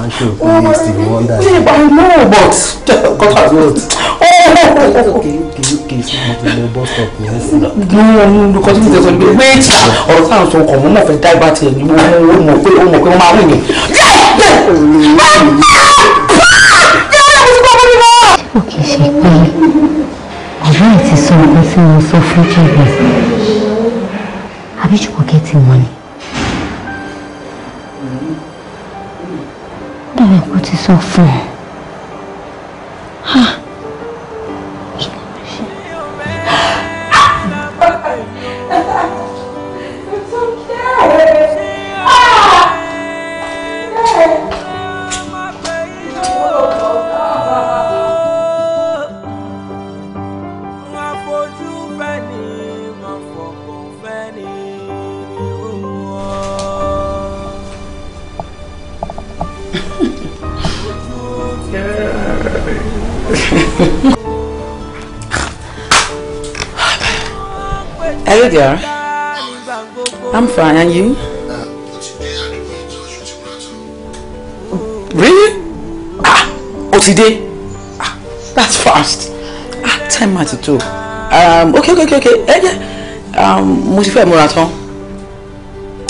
máa ń ṣe òfin ní stevie wonder. babe i know but god has not. kìí sí mo ti lọ bus stop ní ẹsẹ̀. mo ń lu kọjú mi tẹ̀sán pé wait na ọ̀rọ̀ táwọn sọ ọkọ̀ mo mọ̀ fẹ́ dá ibà tiẹ̀ ní mo mọ̀ pé ó mọ̀ pé ó máa rìn yẹn. ó kì í ṣe pé ọ̀rẹ́ ẹ̀ ti sọ nǹkan tí mo sọ fún jẹ̀bi àbí jùmọ̀kẹ́ ti mọ̀ ni. 我估计是疯了，哈。dear. I'm fine, and you? Really? Ah, ó Ah, that's fast. Ah, time ma ti tó. Um, okay, okay, okay, okay. Eh, yeah. Um, mo ti eh,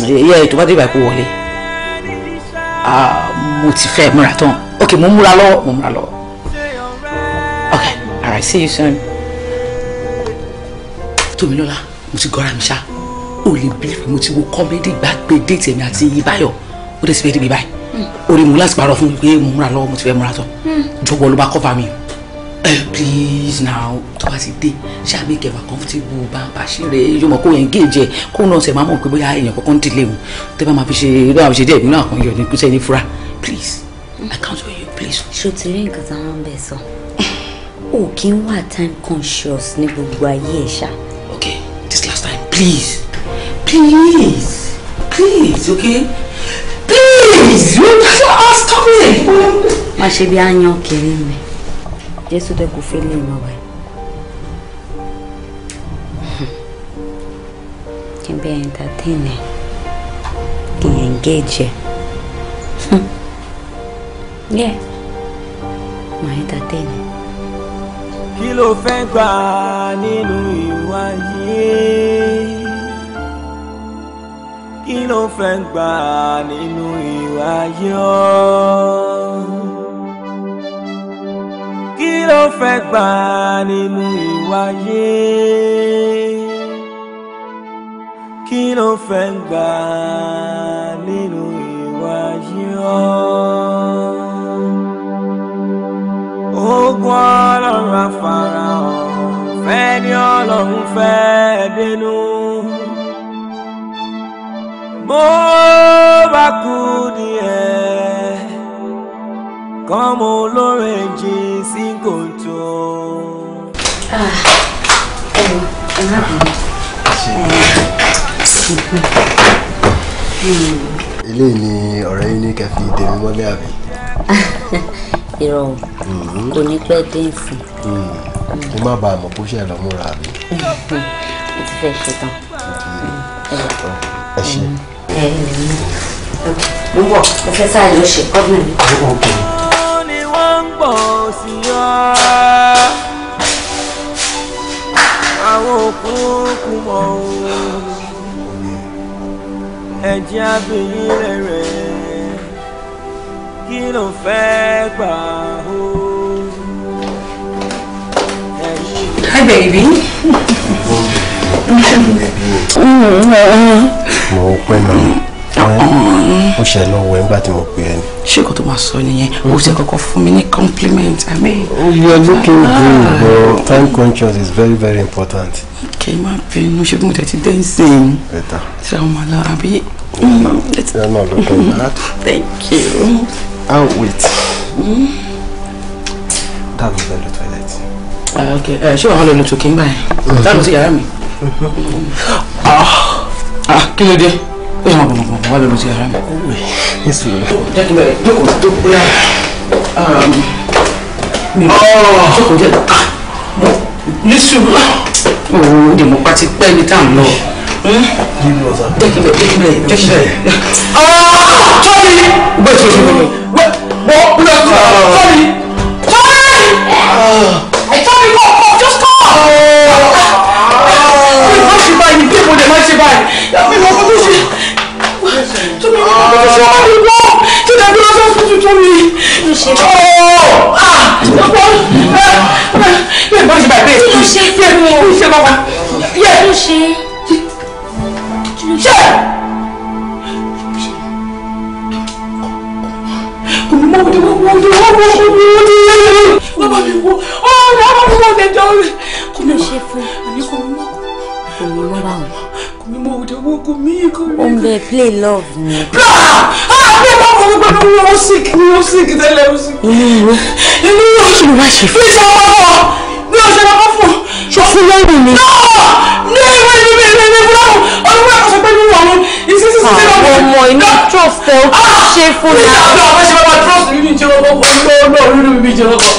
Yeah, tó bá dé báyìí kó Ah, mo ti Okay, mo múra lọ́wọ́, mo múra lọ́wọ́. Okay, alright. see you soon. Tómilọ́lá mo ti gọ́ra mi ṣá o lè bí mo ti wo kọ́mẹ́dì gbàgbé déètì ẹ̀mí àti ibáyọ̀ ó dẹ̀ ti fẹ́ débi báyìí hmm. orí mu láti parọ́ fún mi pé mo múra lọ́wọ́ mo ti fẹ́ múra tán hmm. jọ̀wọ́ ló bá cover mi ẹ eh, please now tó bá ti dé ṣáàbí kẹwàá comfortable bá bá ṣe rẹ yóò mọ kó yẹn géèjẹ kó náà ṣe máa mọ̀ pé bóyá èèyàn kankan ń dìlé òun tẹ́ bá máa fi ṣe bá máa ṣe díẹ̀ nínú àwọn yọ̀ọ́ kúṣẹ́ ní fura please I count on you please. ṣó nǹkan táwọn ń bẹ sọ [laughs] o kì wà time conscious ní gbogbo ayé ẹ̀ ṣáà please, please, please, okay? Please, you oh, stop it. Má ṣe bí ayan kiri mi. Jésù de kò fẹ́ lè mọ̀ wá. Kí n bẹ entertain ẹ, kí n engage hmm. Yeah, máa entertain ẹ. Kí ló fẹ́ gbà kí ló fẹ́ gbà nínú ìwà yọ. kí ló fẹ́ gbà nínú ìwà yé. kí ló fẹ́ gbà nínú ìwà yọ. ogun ọlọ́run afárá ọ̀ fẹ́ ni ọlọ́run fẹ́ dénú mo bá kú nìyẹn kàn mọ olóore jí sí kòtò. ilé ah, ni ọ̀rẹ́ yín ní kẹfì tèmi mọ́lẹ́ àbí. ìrọ̀rùn [laughs] mm-hmm. kò ní pẹ́ dé ìsìn. Mm. kí má bàa mọ̀ bó ṣe lọ àbí. [laughs] mo ti fẹ́ ṣe tán mo mo fẹ́ sáà lọ ṣe kọ́nà mi. ó ní rẹ̀ rẹ̀ kí ló fẹ́ gbà ó. Hi baby. Mm-hmm mo pẹ́ náà ó ṣe lọ́wọ́ ẹ̀ nígbà tí mo pè ẹ́ ni. ṣé kò tó máa sọ nìyẹn o ṣe kọ́kọ́ fún mi ní compliment i oh, you are looking good but time conscious is very very important. kì í máa bínú ṣé mo tẹ̀sí dẹ́sìn. bẹ́tà. ṣé àwọn ọmọ náà àbí. you are not looking bad. thank you. ah wait. Mm. that was toilet. Ah, eh, ṣé wàá lọ lọ tó kí báyìí. táàbù sí yàrá mi. Mm-hmm. Ah ah kí ló dé ó yẹ máa bọ̀ bọ̀ bọ̀ wá bẹ̀rù sí ara mi. ní No, no. kí no. bẹ̀rẹ̀ jókòó jókòó No, no. ò jókòó jẹ́ ní sùúrù òun no. mo pa ti pẹ́ ní táwọn lọ. Eh? jẹ́ kí n bẹ̀rẹ̀ jẹ́ kí n bẹ̀rẹ̀ jẹ́ kí n bẹ̀rẹ̀. tọ́ni gbé tó fi wọlé gbé wọ́n lọ sí tọ́ni tọ́ni tọ́ni wọ́n kọ́ just come mo dẹ̀ máa ṣe báyìí. mi ò mọ kó tó ṣe. tó mi ò tó ṣe ah. play love ni. àbí mo mọ gbogbo pé mo sick ni mo sick tẹ́lẹ̀ mo sick. inú ìwé inú ìwé kí ló wá ṣe fún. fi ṣọwọ́ fún ọ mi ò ṣe lọ́kọ́ fún. ṣé fún lẹ́yìn ni. ní ìwé ìlú mi ìlú mi fúláwù olùkọ́ àkọsọ pé nínú àwọn ìsinsìnyí sílẹ̀ wọn. àwọn ọmọ inú trust ẹ ó ṣe fún mi. nígbà tí àwọn ṣe máa trust mi ní ìjọba ọkọ olùkọ́ olùkọ́ mi ìjọba ọkọ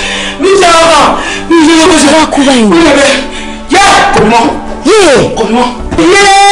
mi ìjọba ọkọ mi ìjọba ọkọ. ṣé wàá kú báyìí. yẹ kò mọ. yẹ kò mọ. yẹ.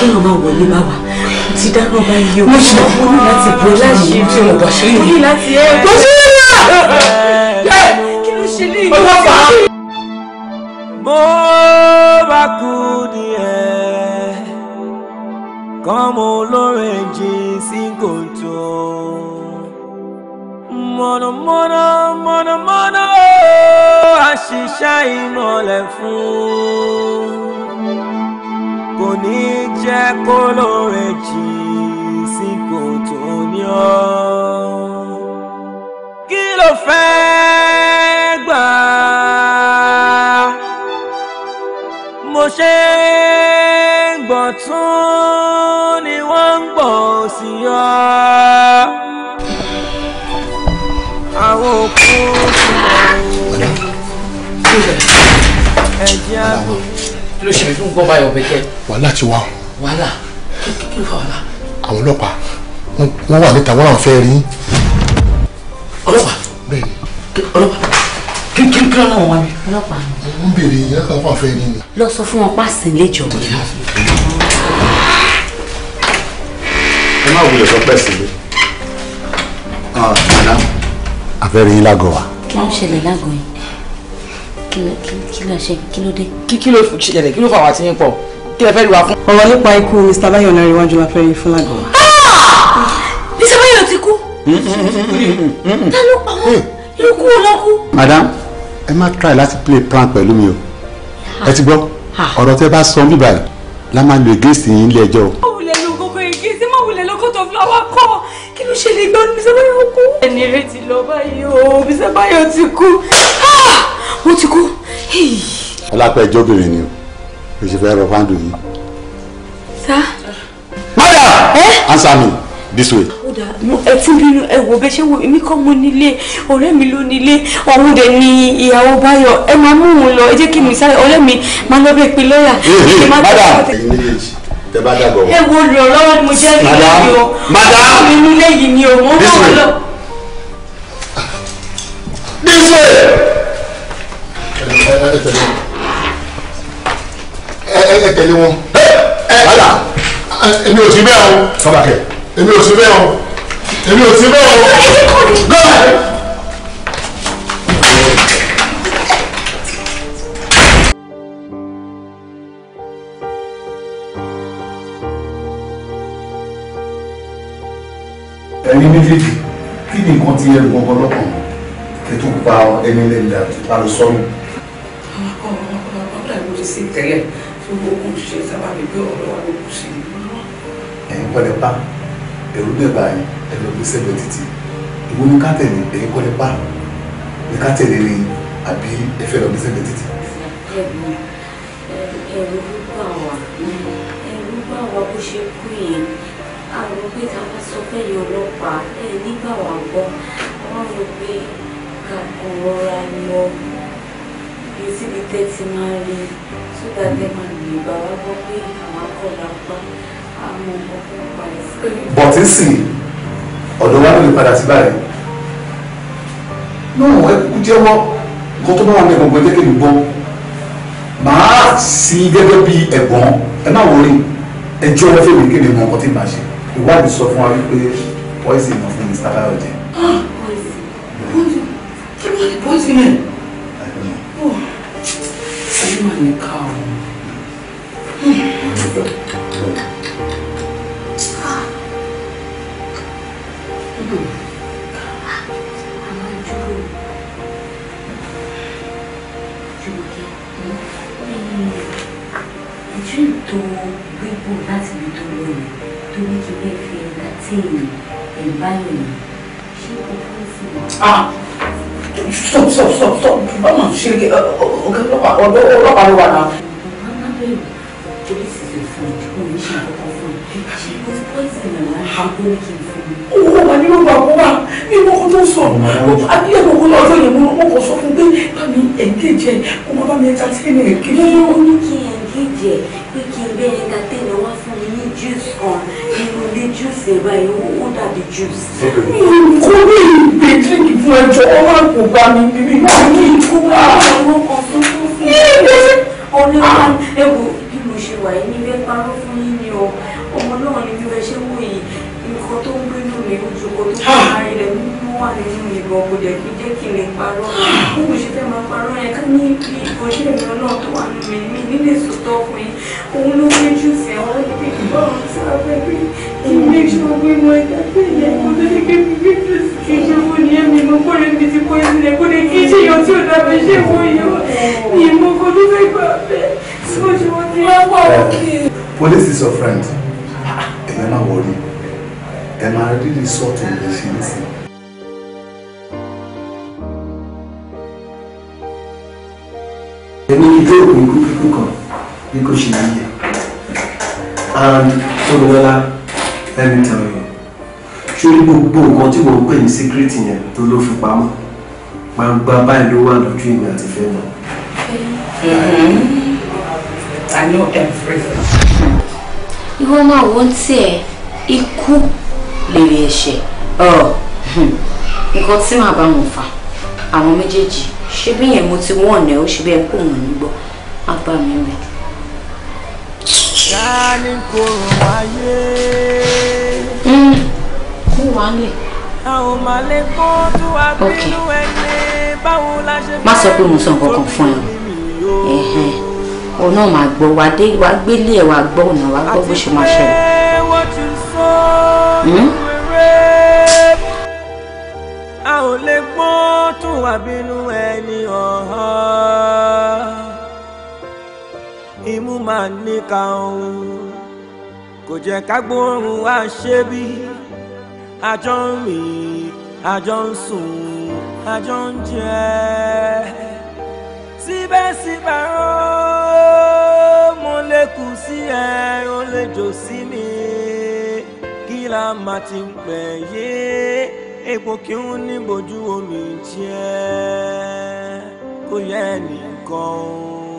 kéèyàn máa wọlé bá wa mo ti dáná bá yí o mo ṣe mo ní láti bọ láyé tí mo bọ̀ sí mi láti ẹ kò sí nílẹ̀ kí ló ṣe ní ìlú ọ̀sán. bó bá kú ni ẹ kọ́mọ olóore jí sí kòtò mọ̀nàmọ́ná mọ̀nàmọ́ná àṣìṣe ìmọ̀lẹ̀ fún un kò ní jẹ́ kó lóore jì sí kòtò ní ọ́. kí ló fẹ́ gbà mo ṣe ń gbọ́ tún ni wọ́n ń gbọ́ sí ọ́. àwọn òkú ti mọ̀ ọ́. ẹ̀jẹ̀ àgùn kí ló ṣẹlẹ̀ tó ń gbọ́ báyọ̀ bẹ́kẹ́. wàhálà ti wá. wàhálà kí ló fà wàhálà. àwọn ọlọ́pàá wọ́n wà níta wọ́n làwọn fẹ́ rí. ọlọ́pàá bẹ́ẹ̀ni. ọlọ́pàá kí kí kí lọ́nà wọn wá mi. ọlọ́pàá. ń bèrè yìí láti wọ́n fẹ́ rí ni. lọ sọ fún wọn páàsì lẹ́jọ́. ẹ má wulẹ̀ sọ pẹ́ sílé. àná àfẹ́rí yín lágọ̀ọ́ wa. kí ló ń ṣẹlẹ̀ lágọ̀ọ́ yìí kí ló ṣe kí ló dé. kí ló ṣẹlẹ̀ kí ló fà wá sí yín pọ̀ kí lè fẹ́ lu wa fún. ọ̀rọ̀ nípa ikú Mr. Bayo náà iwájú la fẹ́ rí fún lágbo. Ah! Mr. Bayo ti kú. Mm-hmm. ta ló pa wọn irú kú ló kú. madam ẹ má try láti play plan pẹ̀lú mi o ah. ẹ ti gbọ́ ah. ọ̀rọ̀ tẹ́ bá sọ bíbá yìí la máa lo against yín ilé ẹjọ́ o. má wulẹ̀ lo kókó against má wulẹ̀ lo kótó fúláwá kọ́ kí ló ṣe lè gbọ́ Mr. Bayo kú. ẹni rẹ ti lọ báyìí o Mr. Bayo ti kú ó ti kú. ọlápẹ ìjọbìnrin ni o ló ṣe fẹ́ rọ fáńdù yìí. sá. mọ́dà answer me this way. ẹ fún bínú ẹ wò bẹ́ẹ̀ ṣé wo èmi kọ́ mo nílé ọ̀rẹ́ mi ló nílé ọ̀hún dẹ̀ ni ìyàwó báyọ̀ ẹ máa mú òun lọ ẹ jẹ́ kí mi sáré ọ̀rẹ́ mi máa lọ bẹ́ẹ̀ pe lọ́ọ̀yà. mọ́dà tẹ bá dàgbọ̀. ẹ wo lọ lọ́wọ́ mo jẹ́ nílé yìí o madam mi nílé yìí ni o mo máa lọ. this way ẹ tẹ̀lé wọn ẹ tẹ̀lé wọn ala èmi ò sí bẹ́ẹ̀ o kọ́bàkẹ́ èmi ò sí bẹ́ẹ̀ o èmi o. sí bẹ́ẹ̀ o lọ́wọ́. ẹni méjèèjì kí ni nǹkan ti ẹrù ọkọ lọ́kàn kí tó pa ẹni lẹ́nu dàbí balùsọ́nù kọjú sí tẹ́lẹ̀ fún gbogbo ṣe sábà bíi pé ọ̀rọ̀ wa ló kù sí i. ẹ̀yin kọ́lẹ̀ pa ẹ̀rú dẹ̀bà yín ẹ lọ gbé sẹ́gbẹ̀ẹ́ títì ìwọ ní ká tẹ̀lé ẹ̀yin kọ́lẹ̀ pa ní ká tẹ̀lé ni àbí ẹ fẹ́ lọ gbé sẹ́gbẹ̀ẹ́ títì. ẹ̀rù gbà wá ẹ̀rù gbà wá bó ṣe kú yẹn àwọn pé ká bá sọ fẹ́ yọ ọlọ́pàá ẹ̀ nígbà wà gbọ́ wọ́n rò pé ká síta tẹ máa lè bá wa gbọ́ pé àwọn akọ́lá pa àwọn ọkọ̀ padà sí. bọ̀tí sì ọ̀dọ̀ wa ló lè padà sí báyìí náà ẹ kúkú jẹ́wọ́ nǹkan tó bá wà ní ẹ̀gbọ̀n jẹ́ kí n gbọ́ màá sí gẹ́gẹ́ bí ẹ̀gbọ́n ẹ má wọrí ẹjọ́ wọn fèmí kí ni mo nǹkan tí màá poison ìmọ̀ ah, poison poison mà ní ká o. Ojú ìtò gbígbò láti ibi tó lọ rẹ̀ tó ní kí bẹ́ẹ̀ fi ẹ̀ka tí èèyàn ẹ̀ báyìí ṣé kò fún ìsìn stop stop stop stop ọmọ ṣe ọgá ọlọ́pàá ọlọ́pàá ló wà náà. owó wa ni ó wà kó wà ní ìmọ̀kọ́ tó sọ àbí ẹ̀kọ́ lọ́jọ́ yẹn mo mọ̀ sọ fún pé bá mi ẹ̀gẹ́jẹ kó má bá mi ẹ̀ta sí ẹ̀mí ẹ̀gẹ́jẹ. ní ó ní kí ẹ̀gẹ́jẹ pé kí n bẹ́ẹ̀ ẹ̀ta tẹ́ on irun bí juice ẹ̀rọ ayé ó dàbí juice. kó ní ìgbè dínkì fún ẹjọ́ ó máa kó bá mi bíbí náà ní ikú wá. àwọn kan tó kún fún mi. ọ̀rẹ́ wa ẹ̀wò bí mo ṣe wà yìí níbẹ̀ parọ́ fún yín ni o ọmọ náà ni bí wọ́n ṣe wò yìí nǹkan tó ń gbénú mi ojú kan tó kọ́ ara rẹ̀ mú wà nínú ìbọn kò kí jẹ́ kí n lè parọ́ bí mo ṣe fẹ́ máa parọ́ yẹn ká ní bí ìbọnṣẹ́ mi náà tó wà nínú mi nílé sòtọ́ fún òun ló fẹ́ jù fẹ́ ọ́ níbi ìbọn tí a fẹ́ pé kí n lè ṣe ogún ìmọ̀ ẹ̀dá pé ìyẹn kò tó ṣe kébi bí kì í ṣe fún ni ẹ̀mí mo kó rẹ̀ mi ti kó ìsìlẹ̀ kó lè kí ṣe yọ tí ò dábẹ́ ṣe wọ́n yọ ìmọ̀ kò tó fẹ́ gbà bẹ́ẹ̀ tí mo ti yá eh, is your friend. Ẹ máa wọrí. Ẹ máa rí sọ́ọ̀tù kò ní kú fífú bí kò ṣe yíyẹ and Tóbilọ́lá let me tell you ṣórí gbogbo nǹkan tí mo ń pè ní secret yẹn tó ló fi pamọ́ gbangba báyìí ló wà lójú èmi àti fẹ́ náà. Mm-hmm. I know everything. Ìwọ máa wọ́n tiẹ̀ ikú lèrè ẹ̀ṣẹ̀ oh, [laughs] nǹkan tí màá bá wọn fà àwọn méjèèjì ṣé bí yẹn mo ti wọ̀n ẹ̀ ó ṣe bẹ́ẹ̀ kó wọn nígbọ́ abá mi rè. Dání kòrò wáyé. Hmm. Kú wá lè. Àwọn màlẹ́ kó tó wá bínú ẹni báwo la ṣe fẹ́. Má sọ pé mo sọ nǹkan kan fún ẹ. Òun náà máa gbọ́ wá dé wá gbélé ẹ̀ wá gbọ́ ọ̀nà wá gbọ́ bó ṣe máa ṣẹlẹ̀. Hmm? A ò lè gbọ́ tó wá bínú ẹni ọ̀hán mú máa níka òun kò jẹ́ ká gbóòórùn wá ṣe bí àjọ ń rìn àjọ ń sùn àjọ ń jẹ síbẹ̀síbẹ̀ ó mo lè kù sí ẹ ó lè jò sí mi kí la máa ti pẹ̀ yé epo kí n níbojú omi jẹ́ kó yẹ nìkan o.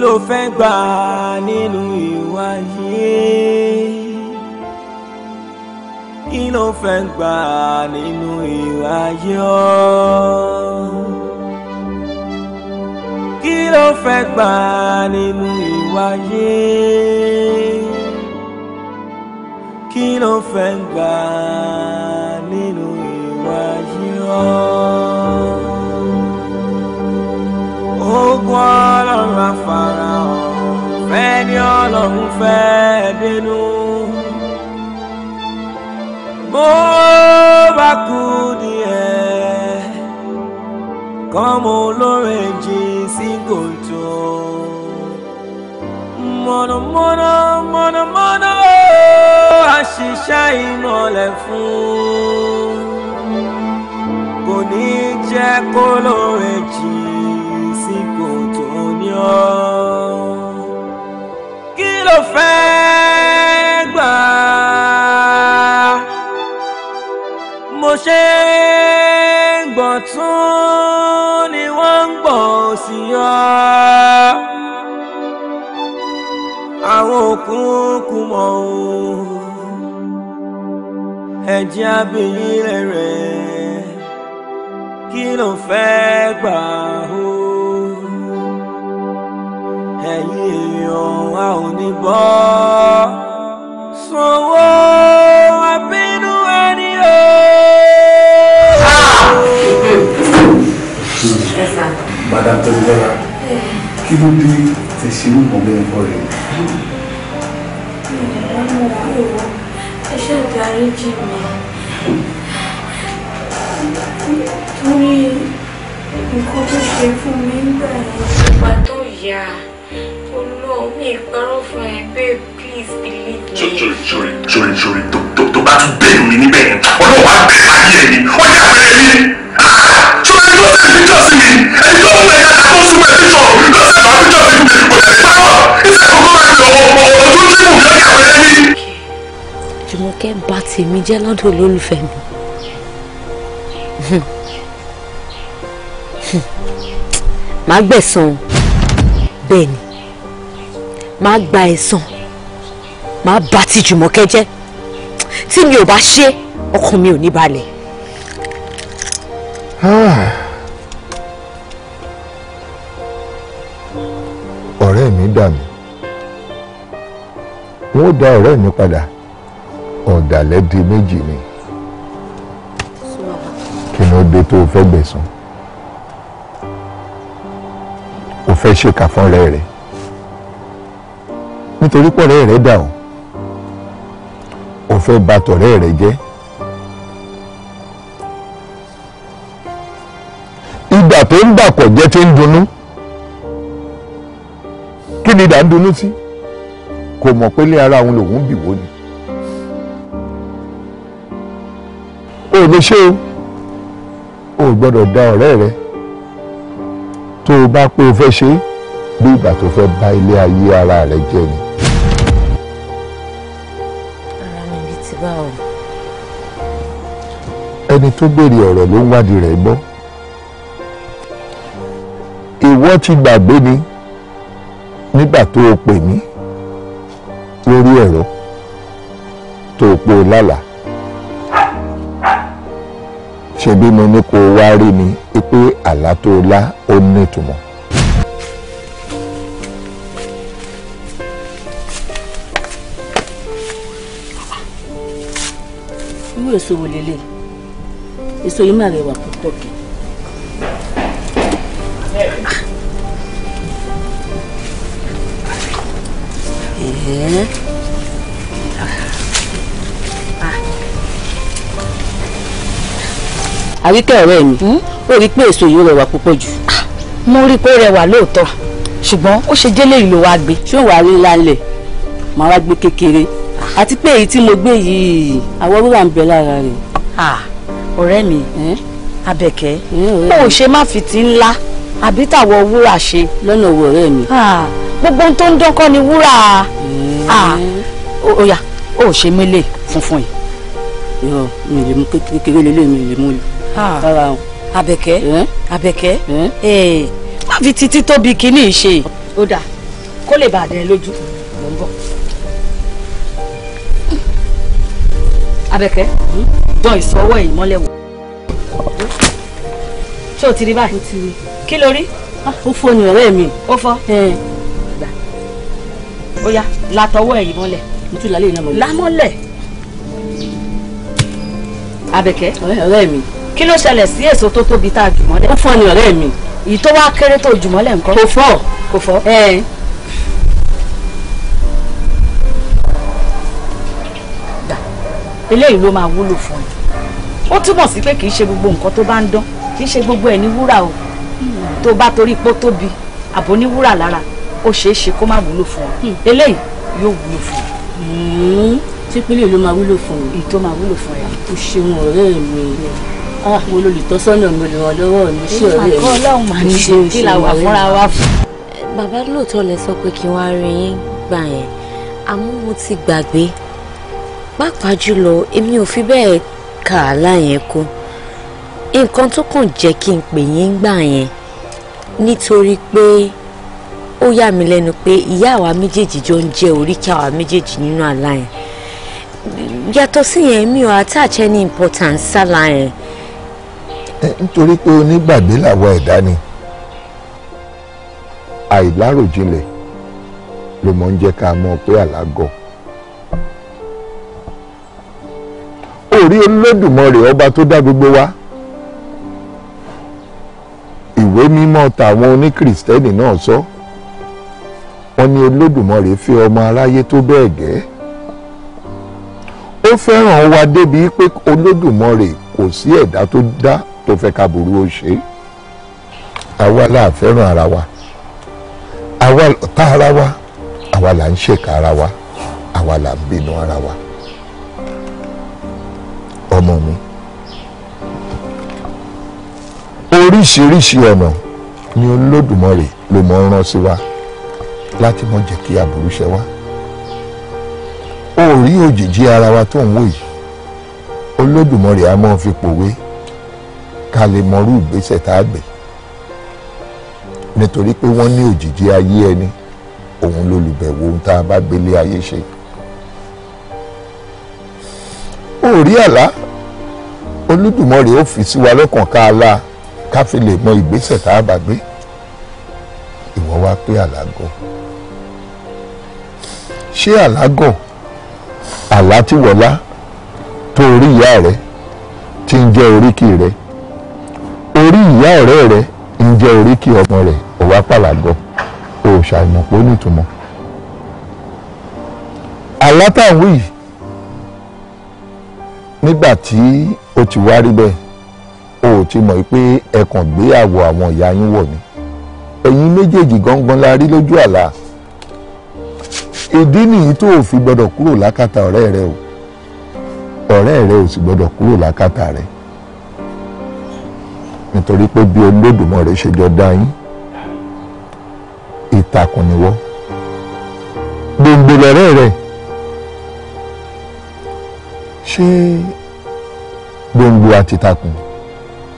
ló fẹ́ gbà nínú ìwà yìí kí ló fẹ́ gbà nínú ìwà yọ. kí ló fẹ́ gbà nínú ìwà yìí. kí ló fẹ́ gbà nínú ìwà yọ ogun ọlọ́run àfàràhàn fẹ́ ni ọlọ́run fẹ́ dénú. bó bá kú díẹ̀ kọ́mọ olóore jí sí gòtò. mọ̀nàmọ́ná mọ̀nàmọ́ná àṣìṣe ìmọ̀lẹ̀ fún kò ní jẹ́ kó lóore jì kí ló fẹ́ gbà mo ṣe ń gbọ̀n tún ni wọ́n ń gbọ̀n òsì yọ àwọn òkúnkún mọ̀ ọ́n ẹ̀jẹ̀ abìyí rẹ̀ rẹ̀ kí ló fẹ́ gbà ó ẹ̀yin èèyàn a ò ní bọ́ sanwó abínú ẹni o. madam tẹ́lifíọ́lá kí ló dé tẹ̀ ṣe ní ìmọ̀ bẹ́ẹ̀ fọ́ rẹ̀. ẹ ṣe ìdáríjì mi torí nǹkan tó ṣe fún mi ń bẹ̀rẹ̀ ìgbà tó mi parọ́ fún ẹ babe please believe me. sori sori sori sori tó tó bá tún bẹ́ẹ̀ mi níbẹ̀ yẹn ọlọ́wọ́ á bẹ̀rẹ̀ ayé ẹ̀ ni wọ́n yà wẹ̀rẹ̀ mi. sori ló ṣe píjọ sí mi ẹni tó mú ẹ̀yà tó sún mẹ́ píjọ ló ṣe bá píjọ sí mi kò lè parọ́ iṣẹ́ kókó máa ń lọ ojú tí mò ń yọ yà wẹ̀rẹ̀ mi. Jùmọ̀kẹ́ bà tèmi jẹ́ lọ́dọ̀ olólùfẹ́ mi màá gbẹ̀san bẹ́ẹ̀ ni máa gba ẹ̀san máa bá ti Jùmọ̀kẹ́ jẹ́ tí mi ò bá ṣe ọkàn mi ò ní balẹ̀. Ah. ọ̀rẹ́ mi dà mí wọ́n dá ọ̀rẹ́ mi padà ọ̀dàlẹ̀ di méjì ni kí ni ó dé tó o fẹ́ gbẹ̀san o fẹ́ ṣèkà fún ọ̀rẹ́ rẹ̀ nítorí pọ̀rẹ́ rẹ̀ dà ọ́ ò fẹ́ bà tọ̀rẹ́ rẹ̀ jẹ́ ìdà tó ń dà kọ̀ jẹ́ tí ń dunnú kí ni ìdà ń dunnú sí kò mọ̀ pé ilé ara òun lòun bì wó ni o ò lè ṣe o o gbọ́dọ̀ da ọ̀rẹ́ rẹ tó o bá pé o fẹ́ ṣe bí ìgbà tó fẹ́ bà ilé ayé ara rẹ jẹ́ ni. ẹni tó béèrè ọ̀rọ̀ ló ń wádìí rẹ̀ gbọ́ ìwọ ti gbàgbé ni nígbà tó o pè mí lórí ẹ̀rọ tó o pò lálàá ṣebí mo ní kó o wá rí mi pé àlá tó o lá ó ní ìtumọ̀. irú èso wo lélẹ́yìí èso yìí mà rẹwà púpọ̀ kì. Ah. Ah. àríkẹ́ ọ̀rẹ́ mi hmm? ó rí pé èso yìí rẹwà púpọ̀ jù. Ah, mo rí i pé ó rẹwà lóòótọ́ ṣùgbọ́n ó ṣe jẹ́lẹ̀ yìí ló wá gbé. ṣé wàá rí lálẹ́ màá wá gbé kékeré àti pé èyí tí mo gbé yìí àwọ̀ wúrà ń bẹ lára rẹ̀ ọ̀rẹ́ mi abẹ̀kẹ́ mo ò ṣe má fi ti ńlá àbí tàwọ̀ wúrà ṣe lọ́nà owó ọ̀rẹ́ mi ah. gbogbo ohun tó ń dán ni wúrà oya eh. ah. ó ṣe mélé funfun yìí. yọ mi lè mú kékeré lélẹ̀ mi lè mú ah. rárá o. abẹ̀kẹ́ eh? abẹ̀kẹ́ eh? má fi títí tóbi kínní ṣe. ó dà kó lè bàdẹ́ lójú ló ń bọ̀. abẹ̀kẹ́ hmm? dán ìsọwọ́ yìí ṣé o ti rí báyìí kí ló rí ah, ó fọ́ ni ọ̀rẹ́ mi ó fọ́ ó yá látọwọ́ ẹ̀ yìí mọ́lẹ̀ mo tún lálẹ́ ìnáwó lámọ́lẹ̀ abẹ̀kẹ́ ọ̀rẹ́ mi kí ló ṣẹlẹ̀ sí èso tó tóbi tá a jù mọ́lẹ̀ ó fọ́ ni ọ̀rẹ́ mi èyí tó wá kéré tó jù mọ́lẹ̀ nǹkan kò fọ́ kò fọ́ eléyìí ló máa wúlò fún ẹ ó túmọ̀ sí pé kì í ṣe gbogbo nǹkan tó bá ń dán kì í ṣe gbogbo ẹ̀ ní wúrà o tó bá torí pó tóbi àbò ní wúrà lára ó ṣeé ṣe kó má wúlò fún ọ hmm. eléyìí yóò wúlò fún ọ. tí hmm. pínlẹ̀ ló máa wúlò fún ọ. ìtọ́ máa wúlò fún ẹ. o ṣeun ọ̀rẹ́ mi ah, mo lo olùtọ́sọ́nà mi lọ́wọ́ lọ́wọ́ mi ṣe ọ̀rẹ́ mi. ìfàkọ́ ọlọ́run mà ní ṣe kí la wà fúnra wa fún. bàbá lóòótọ́ lẹ sọ pé kí n rí yín gbà yẹn àmọ́ mo ti gbàgbé pàápàá jùlọ èmi ò fi bẹ́ẹ̀ kà á láyẹn kún nǹkan tó kàn jẹ́ kí n pè yín gbà yẹn nítorí pé ó yà mí lẹ́nu pé ìyá àwa méjèèjì jọ ń jẹ́ oríkì àwa méjèèjì nínú àlá yẹn yàtọ̀ sí yẹn mi ò attach any importance sálà yẹn. nítorí pé onígbàgbé làwọn ẹ̀dá ni àìláròjinlẹ̀ ló mọ̀ ń jẹ́ ká mọ̀ pé àlágọ̀. orí Olódùmarè ọba tó dá gbogbo wa ìwé mímọ́ tàwọn oníkìrìsìtẹ́nì náà sọ wọ́n ní olódùmarè fẹ́ ọmọ aráyé tó bẹ́ẹ̀ gẹ́ ó fẹ́ràn wa débi pé olódùmarè kò sí ẹ̀dá tó dá tó fẹ́ ká burú ó ṣe àwa la fẹ́ràn ara wa àwa tá ara wa àwa là ń ṣèkà ara wa àwa là ń bínú ara wa ọmọ mi. oríṣiríṣi ọ̀nà ni olódùmarè ló mọ̀ ń rán sí wa láti mọ̀ jẹ́ kí aburú ṣe wá ó rí òjìji ara wa tó ń wò yìí olódùmarè a máa fi pòwe ká lè mọrú ìgbésẹ̀ tá a gbé nítorí pé wọ́n ní òjìji ayé ẹni òun lolùbẹ̀wò ohun tá a bá gbélé ayé ṣe ó àlá olódùmarè ó fi sí wa lọ́kàn ká a lá ká fi lè mọ ìgbésẹ̀ tá a bá gbé ìwọ wá pé àlágọ̀ ṣé àlágọ̀ àlá tí wọlá tó orí ìyá rẹ ti ń jẹ́ oríkì rẹ orí ìyá ọ̀rẹ́ rẹ ń jẹ́ oríkì ọmọ rẹ òwá pàlàgọ̀ òòṣà ìmọ̀pọ̀ nítumọ̀ àlá táwọn yìí nígbà tí o ti wá rí bẹ́ẹ̀ o ò ti mọ̀ pé ẹ̀kàn gbéyàwó àwọn ìyá yín wọ̀ ni ẹ̀yin méjèèjì gangan la rí lójú àlá ìdí nìyí tó o fi gbọ́dọ̀ kúrò lákàtà ọ̀rẹ́ rẹ o ọ̀rẹ́ rẹ ò sì gbọ́dọ̀ kúrò lákàtà rẹ nítorí pé bí Olódùmarè ṣe jọ dá yín ìtàkùn níwọ́ gbòǹgbò lọ̀rẹ́ rẹ ṣé gbòǹgbò àti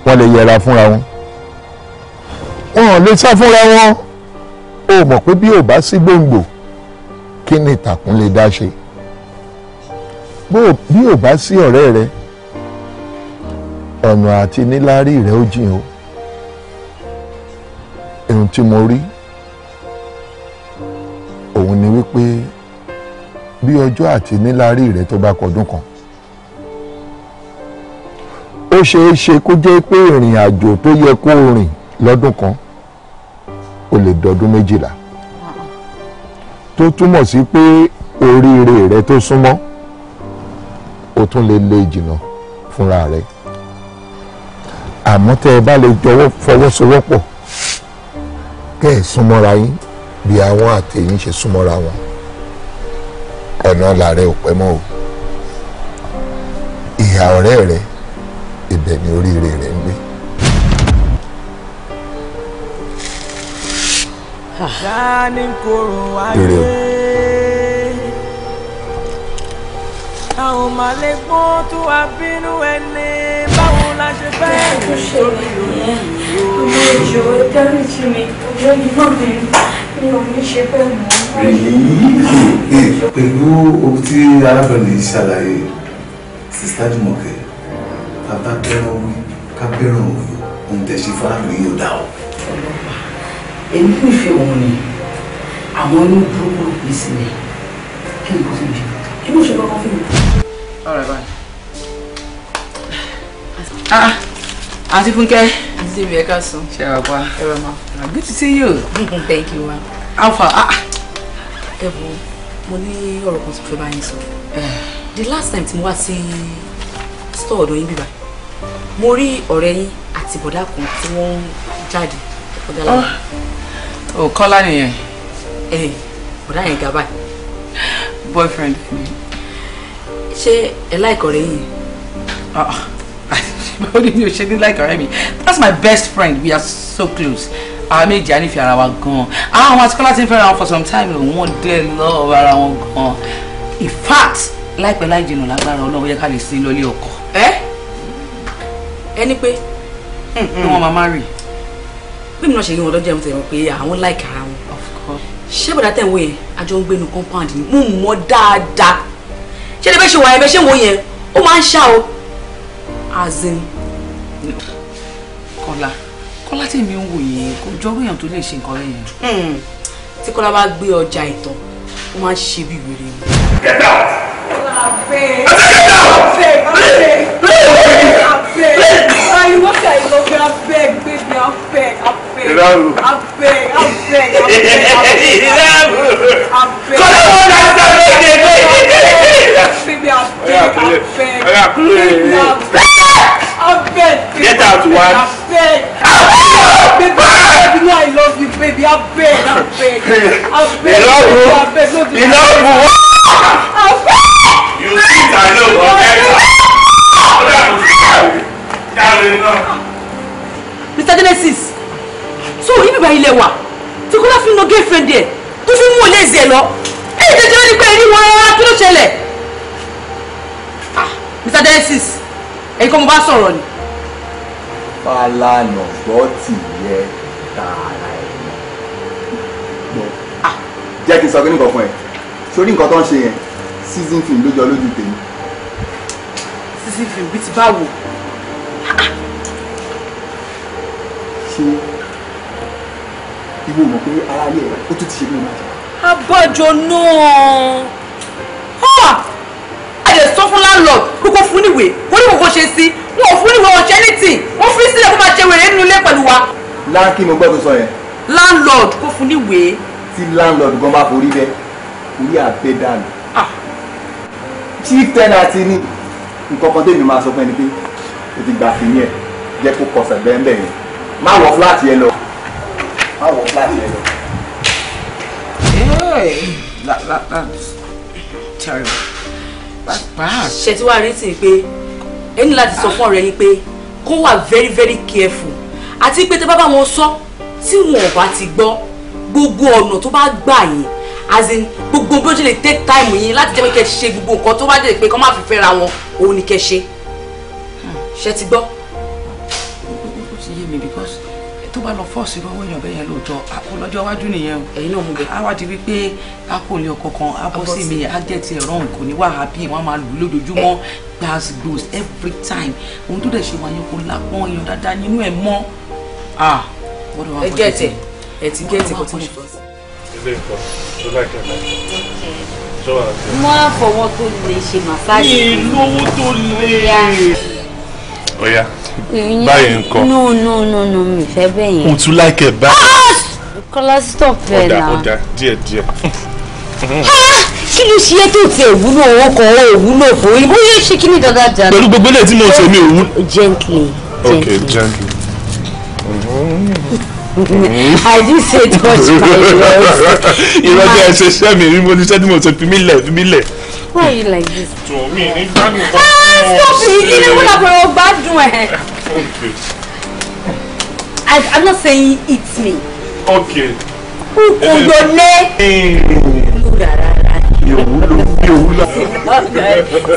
wọ́n lè yẹra fúnra wọn wọn ò lè sá fúnra wọn o mọ̀ pé bí ò bá sí gbòǹgbò kí ni ìtàkùn lè dá ṣe bí ò bá sí ọ̀rẹ́ rẹ ọ̀nà àti níláárí rẹ ó jìn o ohun tí mo rí òun ni wípé bí ọjọ́ àti níláárí rẹ tó bá kọdún kan ó ṣeé ṣe kó jẹ́ pé ìrìn àjò tó yẹ kó rìn lọ́dún kan ó lè dọdún méjìlá tó túmọ̀ sí pé oríire rẹ tó súnmọ́ ó tún lè lé jìnnà fúnra rẹ àmọ́ tẹ́ ẹ bá lè jọ̀wọ́ fọwọ́sowọ́pọ̀ kẹ́ ẹ̀ súnmọ́ra yín bí àwọn àtẹ̀yìn ṣe súnmọ́ra wọn ọ̀nà làárẹ̀ ò pẹ́ mọ́ o ìhà ọ̀rẹ́ rẹ̀ ibẹ̀ ni oríire rẹ̀ ń gbé. dání koro àwọn màlẹ́ gbọ́n wá bínú ẹni báwo la ṣe fẹ́ rìn lórí òyìnbó. ọmọ ìjọ dárí jì mí ọjọ́ ìgbọ́ mi mi ò ní ṣe bẹ́ẹ̀ mọ́. pẹ̀lú ohun tí arábìnrin yìí ṣàlàyé sista Jùmọ̀kẹ́ bàbá bẹ́ràn wí ká bẹ́ràn òyò ohun tẹ̀ ṣe fáráàlú yóò dá o. ọlọ́pàá èmi kò fẹ́ òun ni àwọn inú burúkú yìí sílẹ̀ kí ni kò fi jù kí mo ṣe kọ́kọ́ fún mi. ọ̀rẹ́ báyìí. ah good to see you. thank you ma. how far. ẹ ah. wo e mo ní ọ̀rọ̀ kan tó fẹ́ bá the last time tí mo wá sí store ọ̀dọ̀ mo rí ọ̀rẹ́ yín àti bọ̀dá kan tí wọ́n ń jáde bọ̀dá lára. ò ẹ bọ̀dá yẹn ga boyfriend mi. ṣé ẹ láìkọ̀ rẹ̀ yìí. báwo ni mi ò ṣe ní láìkọ̀ rẹ̀ mi that's my best friend we are so close àwọn méjì á nífẹ̀ẹ́ ara wa gan-an àwọn àwọn àtikọ́lá ti ń fẹ́ra for some time lò wọ́n dé lọ́ọ̀ ara wọn gan-an in fact láìpẹ́ láì jìnnà lágbára ọlọ́run yẹ ká lè sí lọ́lé ọkọ. ẹ́ ẹni pé ni mm, mm. wọn máa marry. bí mi náà ṣe rí wọn lọ́jọ́ ìmọ̀tẹ̀ wọn pé àwọn like ara wọn. of course. ṣé bàdá tẹ̀ ń wo yẹn àjọ ń gbé compound ni mo mọ̀ dáadáa ṣé ẹni bẹ́ẹ̀ ṣe wà yẹn bẹ́ẹ̀ ṣe ń wo yẹn ó máa ń ṣá o. as in. kọ́lá kọ́lá tèmi ń wò yẹn kò jọ́rú èèyàn tó lè ṣe nǹkan rẹ̀ yẹn. Hmm. tí kọ́lá bá gbé ọjà ìtàn ó máa ń ṣe bí wèrè ni. get out. Ìlàrú. Abeg, abeg, abeg, abeg. Ìlàrú. [laughs] Abeg. Kọ́lá wọn náà sọ lóde lóde. Baby, abeg, abeg. Ọ̀rẹ́ àkúrẹ́ rẹ̀. Abeg. Get out one. Abeg. Baby, ah! you know I love you, baby. Abeg, abeg. [laughs] Abeg. Ìlàrú. Ìlàrú. I Mr Genesis so ibìbá ilẹ̀ wà tí kọ́lá fi ń lọ girlfriend ẹ̀ tó fi mú olè ẹ̀zẹ̀ lọ èyí tètè ó ní pé èrí wọn rárá kí ló ṣẹlẹ̀ ah, Mr Genesis ẹ̀yin kọ́ mo bá sọ̀rọ̀ ni. Fálànà gbọ́ tìyẹ tààrà ẹ̀ ah. jẹ́ kí n sọ kí nǹkan fún ẹ sórí nǹkan tó ń ṣe yẹn season film ló jọ lójú tèmi. season film bíi ti báwo. ṣé ìwọ mọ̀ pé ara rẹ̀ ó tún ti ṣe bí o máa ṣe. abájọ náà a lè sọ fún landlord kókó fún níwèé kó ní kókó ṣe sí wọn ò fún níwèé wọn ṣe anything wọn fi sílẹ̀ kó máa ṣe wèrè nínú ilé pẹ̀lú wa. láńkì mo gbọ́dọ̀ sọ yẹn. landlord kó fún níwèé. tí landlord gan bá forí bẹ́ orí àbẹ́dàlù chief tenancy ni nǹkan kan máa sọ fún ẹni pé o ti gbà fìyẹn jẹ́ kó kọsẹ̀ bẹ́ẹ̀ yẹn má wọ fúláàtì yẹn lọ má wọ fúláàtì yẹn lọ. that that that's terrible that's bad. ṣe tí wàá rí sí i pé ẹ ní láti sọ fún ọ̀rẹ́ yín pé kó wà very very careful àti pé tẹ bá bá wọn sọ tí wọn ò bá ti gbọ́ gbogbo ọ̀nà tó bá gbà yín as in gbogbo bí ó ṣe lè take time yín láti jẹ́ pé kẹ́ ṣe gbogbo nǹkan tó bá dé pé kọ́ má fi fẹ́ra wọn òun ni kẹ́ ṣe ṣe ti gbọ́. ó ti yé mi because tó bá lọ fọ́ọ̀sì lọ́wọ́ èèyàn bẹ́yẹn lóòótọ́ àkọlọ́jọ́ iwájú nìyẹn o ẹ̀yin náà mú bẹ́ẹ̀. á wá di wípé a kò lè ọkọ̀ kan á bọ́ sí mi á jẹ́ ti ẹ̀rọ nǹkan ní wàá happy wọ́n á máa lù lójoojúmọ́ gbas gbos every time ohun tó dẹ̀ ṣe wáyé kò lápọ́n èèyàn dáadáa nínú ẹ̀ mọ́. Ah, ẹ gẹ́ẹ̀tì ẹ ti gẹ́ẹ̀tì kò tí mo fọ́ sí ilé nǹkan tó bá kẹta tó wà láti. báyìí nǹkan. no no no no mi fẹ́ bẹ́ẹ̀ yẹn. o tún láìkẹ́ báyìí. Ah! kọ́lá stop fẹ́ la. ọ̀dà ọ̀dà díẹ̀ díẹ̀. kí ló ṣe é tó tiẹ̀ wúlò owó kan ó wúlò fún yín bóyá ṣe kí ni dandan jà. pẹ̀lú gbogbo ilé tí mo ṣe mi ò wúlò. gently. okay gently. [laughs] I did say touch my legs. Irọ́ jẹ́ ẹ ṣe ṣẹ́ mi rí mo ní sẹ́ni mo ṣe fi mí lẹ̀ fi mí lẹ̀. Why are you like this? Tòmí ní gbádùn kan. Ah, ẹ stop it! Kí ni wọ́n àpẹẹrẹ gbádùn Okay. I'm not saying eat me. Okay. Kúkú gbọ́dé. Yòwúlò mi ò wúlò.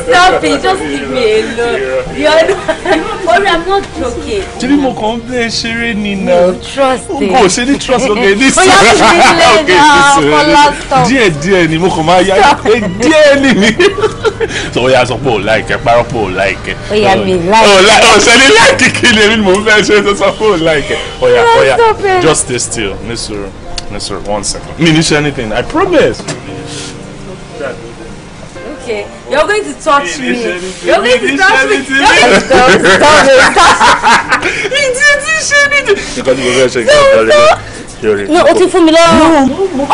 stop it just leave me alone you're not worry i'm not joking. jẹ́bí mo kàn ń bẹ́ẹ̀ ṣeré ni na o kò ṣe ní trust lókè ní sùn lókè ní sùn díẹ̀ díẹ̀ ni mo kàn máa yá ẹ díẹ̀ nìyí sọ ya sọ pé o láìkẹ parọ́ like. o láìkẹ. o yà like láìkẹ. o ṣe ní láìkì kí ni èmi mo fẹ́ ṣe sọ pé o láìkẹ. oya oya just stay still nisoro nisoro one second mi ní say anything i promise shit. You're going to touch me. You're going to touch me. You're going to touch me. Stop it. Stop it. He didn't ṣe anything. Nǹkan tí mo fẹ́ ṣe kí n tọ́lé yọrí. No, o ti me. mi lọ́rùn. O ti fún mi lọ́rùn.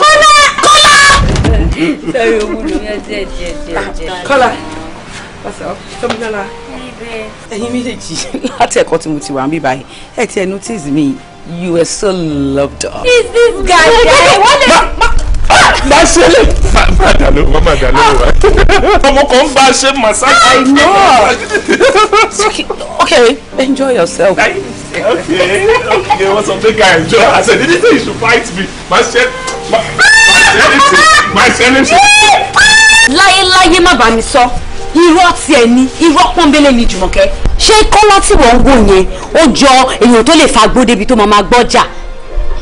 Kọ́lá! Kọ́lá! Sẹ́yìn ogun ló yẹ díẹ̀ díẹ̀ díẹ̀ díẹ̀. Kọ́lá, pàṣẹ ọ́, tọ́mi lọ́la. Ẹyin méjèèjì láti ẹ̀kọ́ tí mo ti wà ń bí báyìí, ẹ̀ ti ẹ̀ notice me, you were so loved up. Is this guy? What is? gba ṣe lè. má dà ló má má dà ló ọmọ kan gba ṣe massage. I know. okay enjoy yourself. I, okay okay what's something I enjoy I said anything you should fight me ma ṣe ma ṣe anything ma ṣe anything. láyéláyé má bá mi sọ irọ́ tiẹ̀ ni irọ́ pọ́nbélé ni jùmọ̀kẹ́ ṣé kọ́lá tí wọ́n ń wò yẹn ó jọ èèyàn tó lè fagbó débi tó máa ma gbọ́jà àà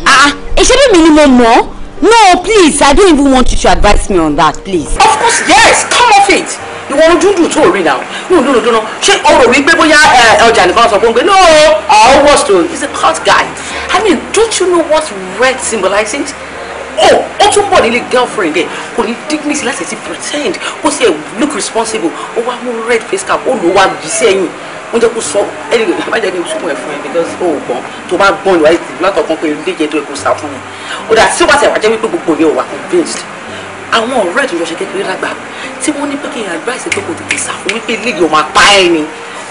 ah, ah, ìṣẹ́bí mi ni mo mọ̀ ọ́ No, please, I don't even want you to advise me on that, please. Of course, yes, come off it. Ìwọ ojú do tó rí now. No, no, no, no, no. Ṣé o rò wípé bóyá ọjà nìkan sọ fún mi? No, I was to He's a hot guy. I mean, don't you know what red symbolizes? Oh, ó tún bọ̀ nílé girlfriend ẹ̀. Kò ní dignity láti ti pretend. Ó sì look responsible. Oh, wá mú red face cap. Oh no, what you saying? wọ́n jẹ́ kó sọ ẹnìyẹn má jẹ́ kí n túmọ̀ ẹ̀ fún ẹ because ó gbọ́n tó bá gbọ́n ìwà ìsìn látọ̀kan pé onídíje tó ẹ̀kọ́ sá fún mi ó dà sí wàṣẹ wàjẹ́ wípé gbogbo yẹn ò wà convinced àwọn ọ̀rẹ́ ìtòjọ́ ṣe kékeré lágbà tí wọ́n ní pé kí n advice pé kò tètè sá fún wípé lílì ò máa pa ẹ́ ni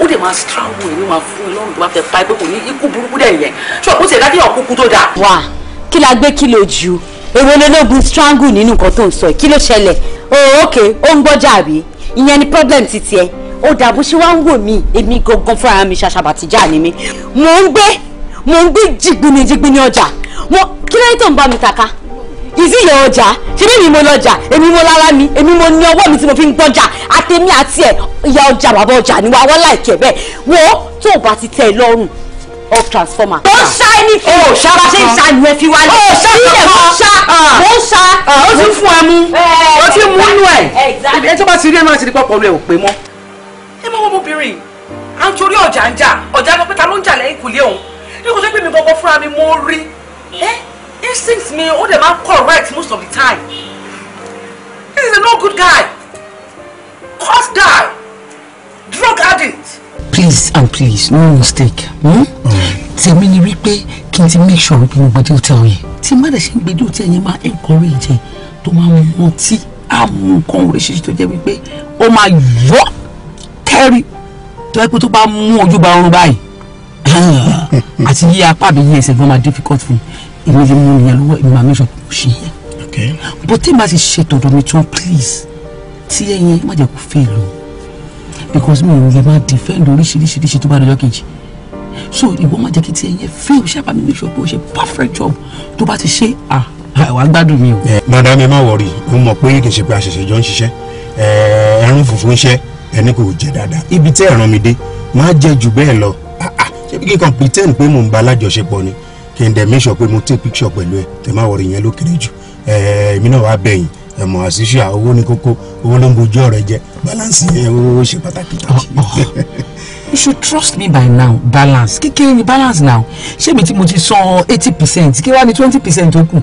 ó dẹ̀ máa strawo ẹ̀ ni máa fún ẹ lọ́rùn tó bá fẹ́ pa ẹ pé kò ní ikú burúkú dẹ̀ yẹn ṣọ́ kó ṣe dájú ọ̀kúkú tó dáa. wà á kí la gbé kí lo ju èrò ológun strangle nínú nǹkan tó ń oh ok ó ìyẹn ni problem ti tiẹ̀ ó dà bó ṣe wá ń wò mí èmi gangan fúnra mi ṣàṣàbàtìjà ni mi mò ń gbé mò ń gbé jìgbìnìjìgbìnì ọjà mo kí lóyún tó ń bá mi kàkà ìsìyẹ ọjà ṣebí èmi mo lọjà èmi mo lára mi èmi mo ní ọwọ́ mi tí mo fi ń gbọ́jà àtẹ̀mí àti ẹ̀ ìyá ọjà bàbá ọjà ni wàá wọ́n láìkẹ́ bẹ́ẹ̀ wo tó o bá ti tẹ́ lọ́rùn of transformer. ó ṣá anything. ó ṣá kankan ṣe ń ṣàlù ẹ fi wálé. ó ṣá kankan ah, ó ṣá ó ṣá. ó ti fún ẹ mú eh. ó ti mú inú ẹ ẹ tó bá ti rí ẹ máa ti di pọpọ rẹ ò pé mọ. ẹ mọ ọmọbìnrin à ń torí ọjà ń jà ọjà ló pé ta ló ń jà lẹ́yìn kùlé òun ní kò tó pé mi gbọgbọ fúnra mi mo rí ẹ eh? instinct mi ó dẹ̀ máa correct most of the time this is a no good guy cause guy drug addict. please and please no mistake. Hmm? Mm tèmi ni wípé kí n ti make sure wípé mo gbẹdẹ òtẹ òye tí má dẹ̀ ṣe ń gbẹdẹ òtẹ yẹn máa encourage ẹ tó máa mú ọtí àmú nǹkan oríṣiríṣi tó jẹ́ wípé ó máa yọ kẹ́rì tó yẹ pé tó bá mú ojú ba ọrùn báyìí [laughs] àti yí apá mi yí ẹsẹ̀ gan máa difficult fún èmi lè mú ìyẹn lọ́wọ́ èmi máa make sure kò ṣe yẹn bó tí màá ti ṣe tọ̀dọ̀ mi tán please tí ẹ̀yẹn má jẹ́ kó fail o because mi ò lè máa defend oríṣiríṣi tó bá dọjọ́ kejì so ìwọ má jẹ́ kí tiẹ̀ yẹn fail ṣe àbámi mi sọ pé o ṣe perfect job tó bá ti ṣe à ah, wà á gbádùn mi o. Eh, madam ẹ má wọrí mo mọ̀ pé kì í ṣe pé àṣẹṣe jọ ń ṣiṣẹ́ eh, ẹ̀rùn funfun ṣẹ́ ẹni kò jẹ́ dáadáa ibi tẹ́ ẹ̀ràn mi dé má jẹ́ jù bẹ́ẹ̀ lọ ah, ah, ṣé bí kíkan pretend pé mò ń ba alájọṣepọ̀ ni kí n dẹ̀ make sure pé mo take picture pẹ̀lú ẹ tẹ̀ má wọrí yẹn ló kéré jù eh, èmi náà wá bẹ̀yìn ẹ̀mọ̀ àṣìṣe owó ní kókó owó ló ń bojú ọ̀rẹ́ jẹ balance yẹn ó ṣe pàtàkì. Oh, oh you should trust me by now balance kékeré ni balance now ṣé mi tí mo ti san eighty percent kí wàá ní twenty percent ó kù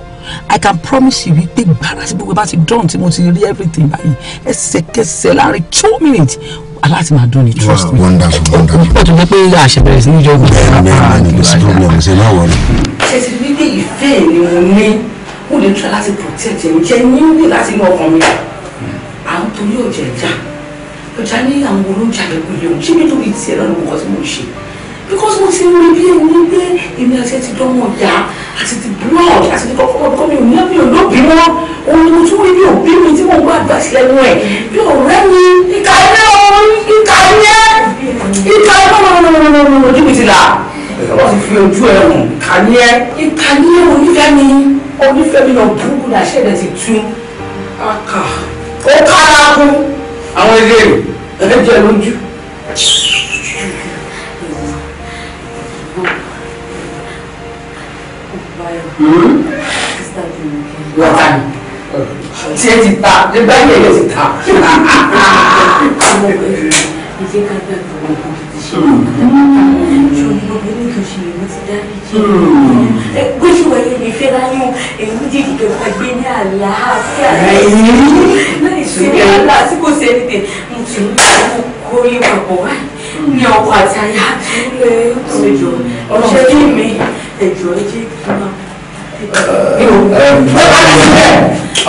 i can promise you wípé gbàrà sí gbogbo bá ti dán tí mo ti rí everything báyìí ẹsẹ̀kẹsẹ̀ láàrin two minutes aláti máa dún ni trust me. wonderful wonderful. ó tún jẹ́ pé àṣẹbẹ̀rẹ̀ sí ní ìjọ ìgbà. bẹ́ẹ̀ ni a ní kò sí problem ṣe máa wọlé. ṣe ti wípé ìfẹ́ ni mo ní kó lè try láti protect mi jẹ́ níwèé láti inú ọkàn mi à ń torí òjò ẹ̀já ọjà ní àwọn olóúnjẹ àyẹ̀wò yẹn o ṣé nítorí tiẹ̀ náà ló mọ̀ tí mo ṣe because mo ti rí bí ẹni pé èmi àti ẹ ti dánwò ọjà àti ti blood àti ti kọ́kọ́ ọdún mi ò ní mi ò lóbi mọ́ òun ni mo tún rí bí òbí mi tí mo gbà gbà sí ẹnu ẹ̀ bí ọ̀rẹ́ mi ìka ilé ọ̀run ìka ilé ìka ilé ọ̀run ojú mi ti là ọ̀rọ̀ ti fi ojú ẹ̀ hàn ìka ilé ìka ilé onífẹ́ mi onífẹ́ mi lọ burúkú làṣẹ́ rẹ̀ ti tú ọkà ó kára kún àwọn ilé ìwé ẹ̀jẹ̀ lójú. tí ẹ ti ta ní báyìí ẹ ti ta. ìṣe hmm. ká hmm. hmm fẹ́ra yún èyí méjèèjì kẹfà gbé ní àlàáfíà láì sí ní àlà tí kò sẹ́ni tẹ̀ mo ti ní ìlú kórè papọ̀ báyìí ní ọkọ̀ àti aya ẹjọ́ ọ̀ṣẹ́ kí mi ẹjọ́ ẹjẹ́ kí n máa.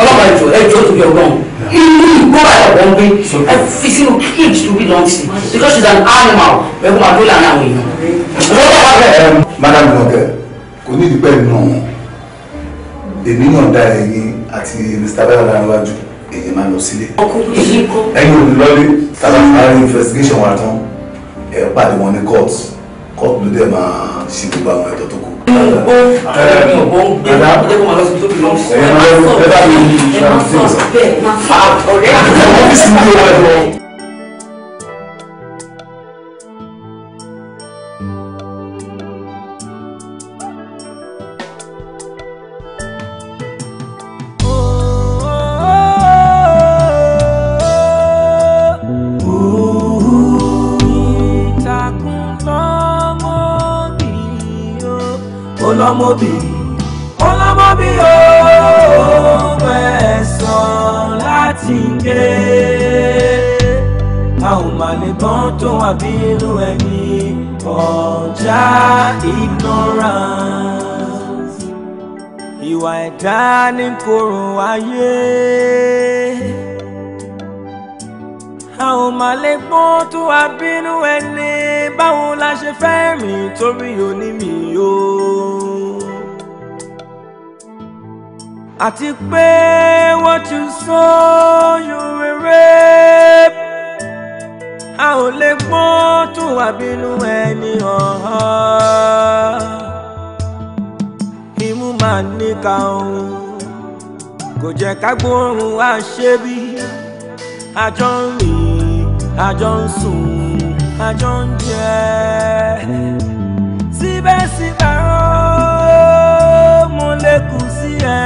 ọlọ́pàá ẹjọ́ ẹjọ́ tó yọ ọgbọ́n inú igbó àyẹ̀wò ń gbé fi sínú cage to be long sleep because she's an animal ẹ̀kọ́ máa dó lànà àwọn èèyàn. madam lọ́kẹ́ kò ní ìdí pẹ́ẹ́lú náà wọn èmi náà dá ẹ̀yin àti mr bayọ̀dá níwájú èyí máa lọ sílé. ẹ̀yin ò ní lọ́lé tàbí àárín investigation wa tán ẹ pàdé wọn ní court court ló dẹ̀ máa ṣe gbogbo àwọn ẹ̀tọ́ tó kù. ẹ̀yin máa ń bẹ́ẹ̀ bá mi ṣe àǹfààní. torí òní mi o. àti pé wọ́n ti sọ yóò rere a ò lè gbọ́n tún wà bínú ẹni ọ̀hán. imú máa níka ohun kò jẹ́ ká gbóòórùn wá ṣe bí àjọ ń rìn àjọ ń sùn àjọ ń jẹ bẹ́ẹ̀ sí bàrọ́ mo lè kù sí ẹ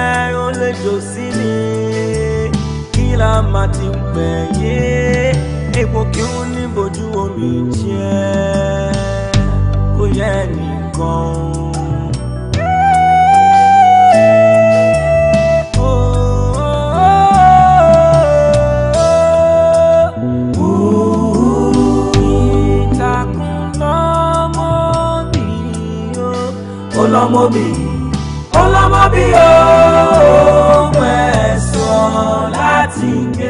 ó lè jò sí mi kí la máa ti ń pẹ̀ yé epo kí ó ní bojú omi jẹ́ ó yẹ nìkan. ọlọ́mọbí ọlọ́mọbí ó mú ẹ̀sùn láti gbé.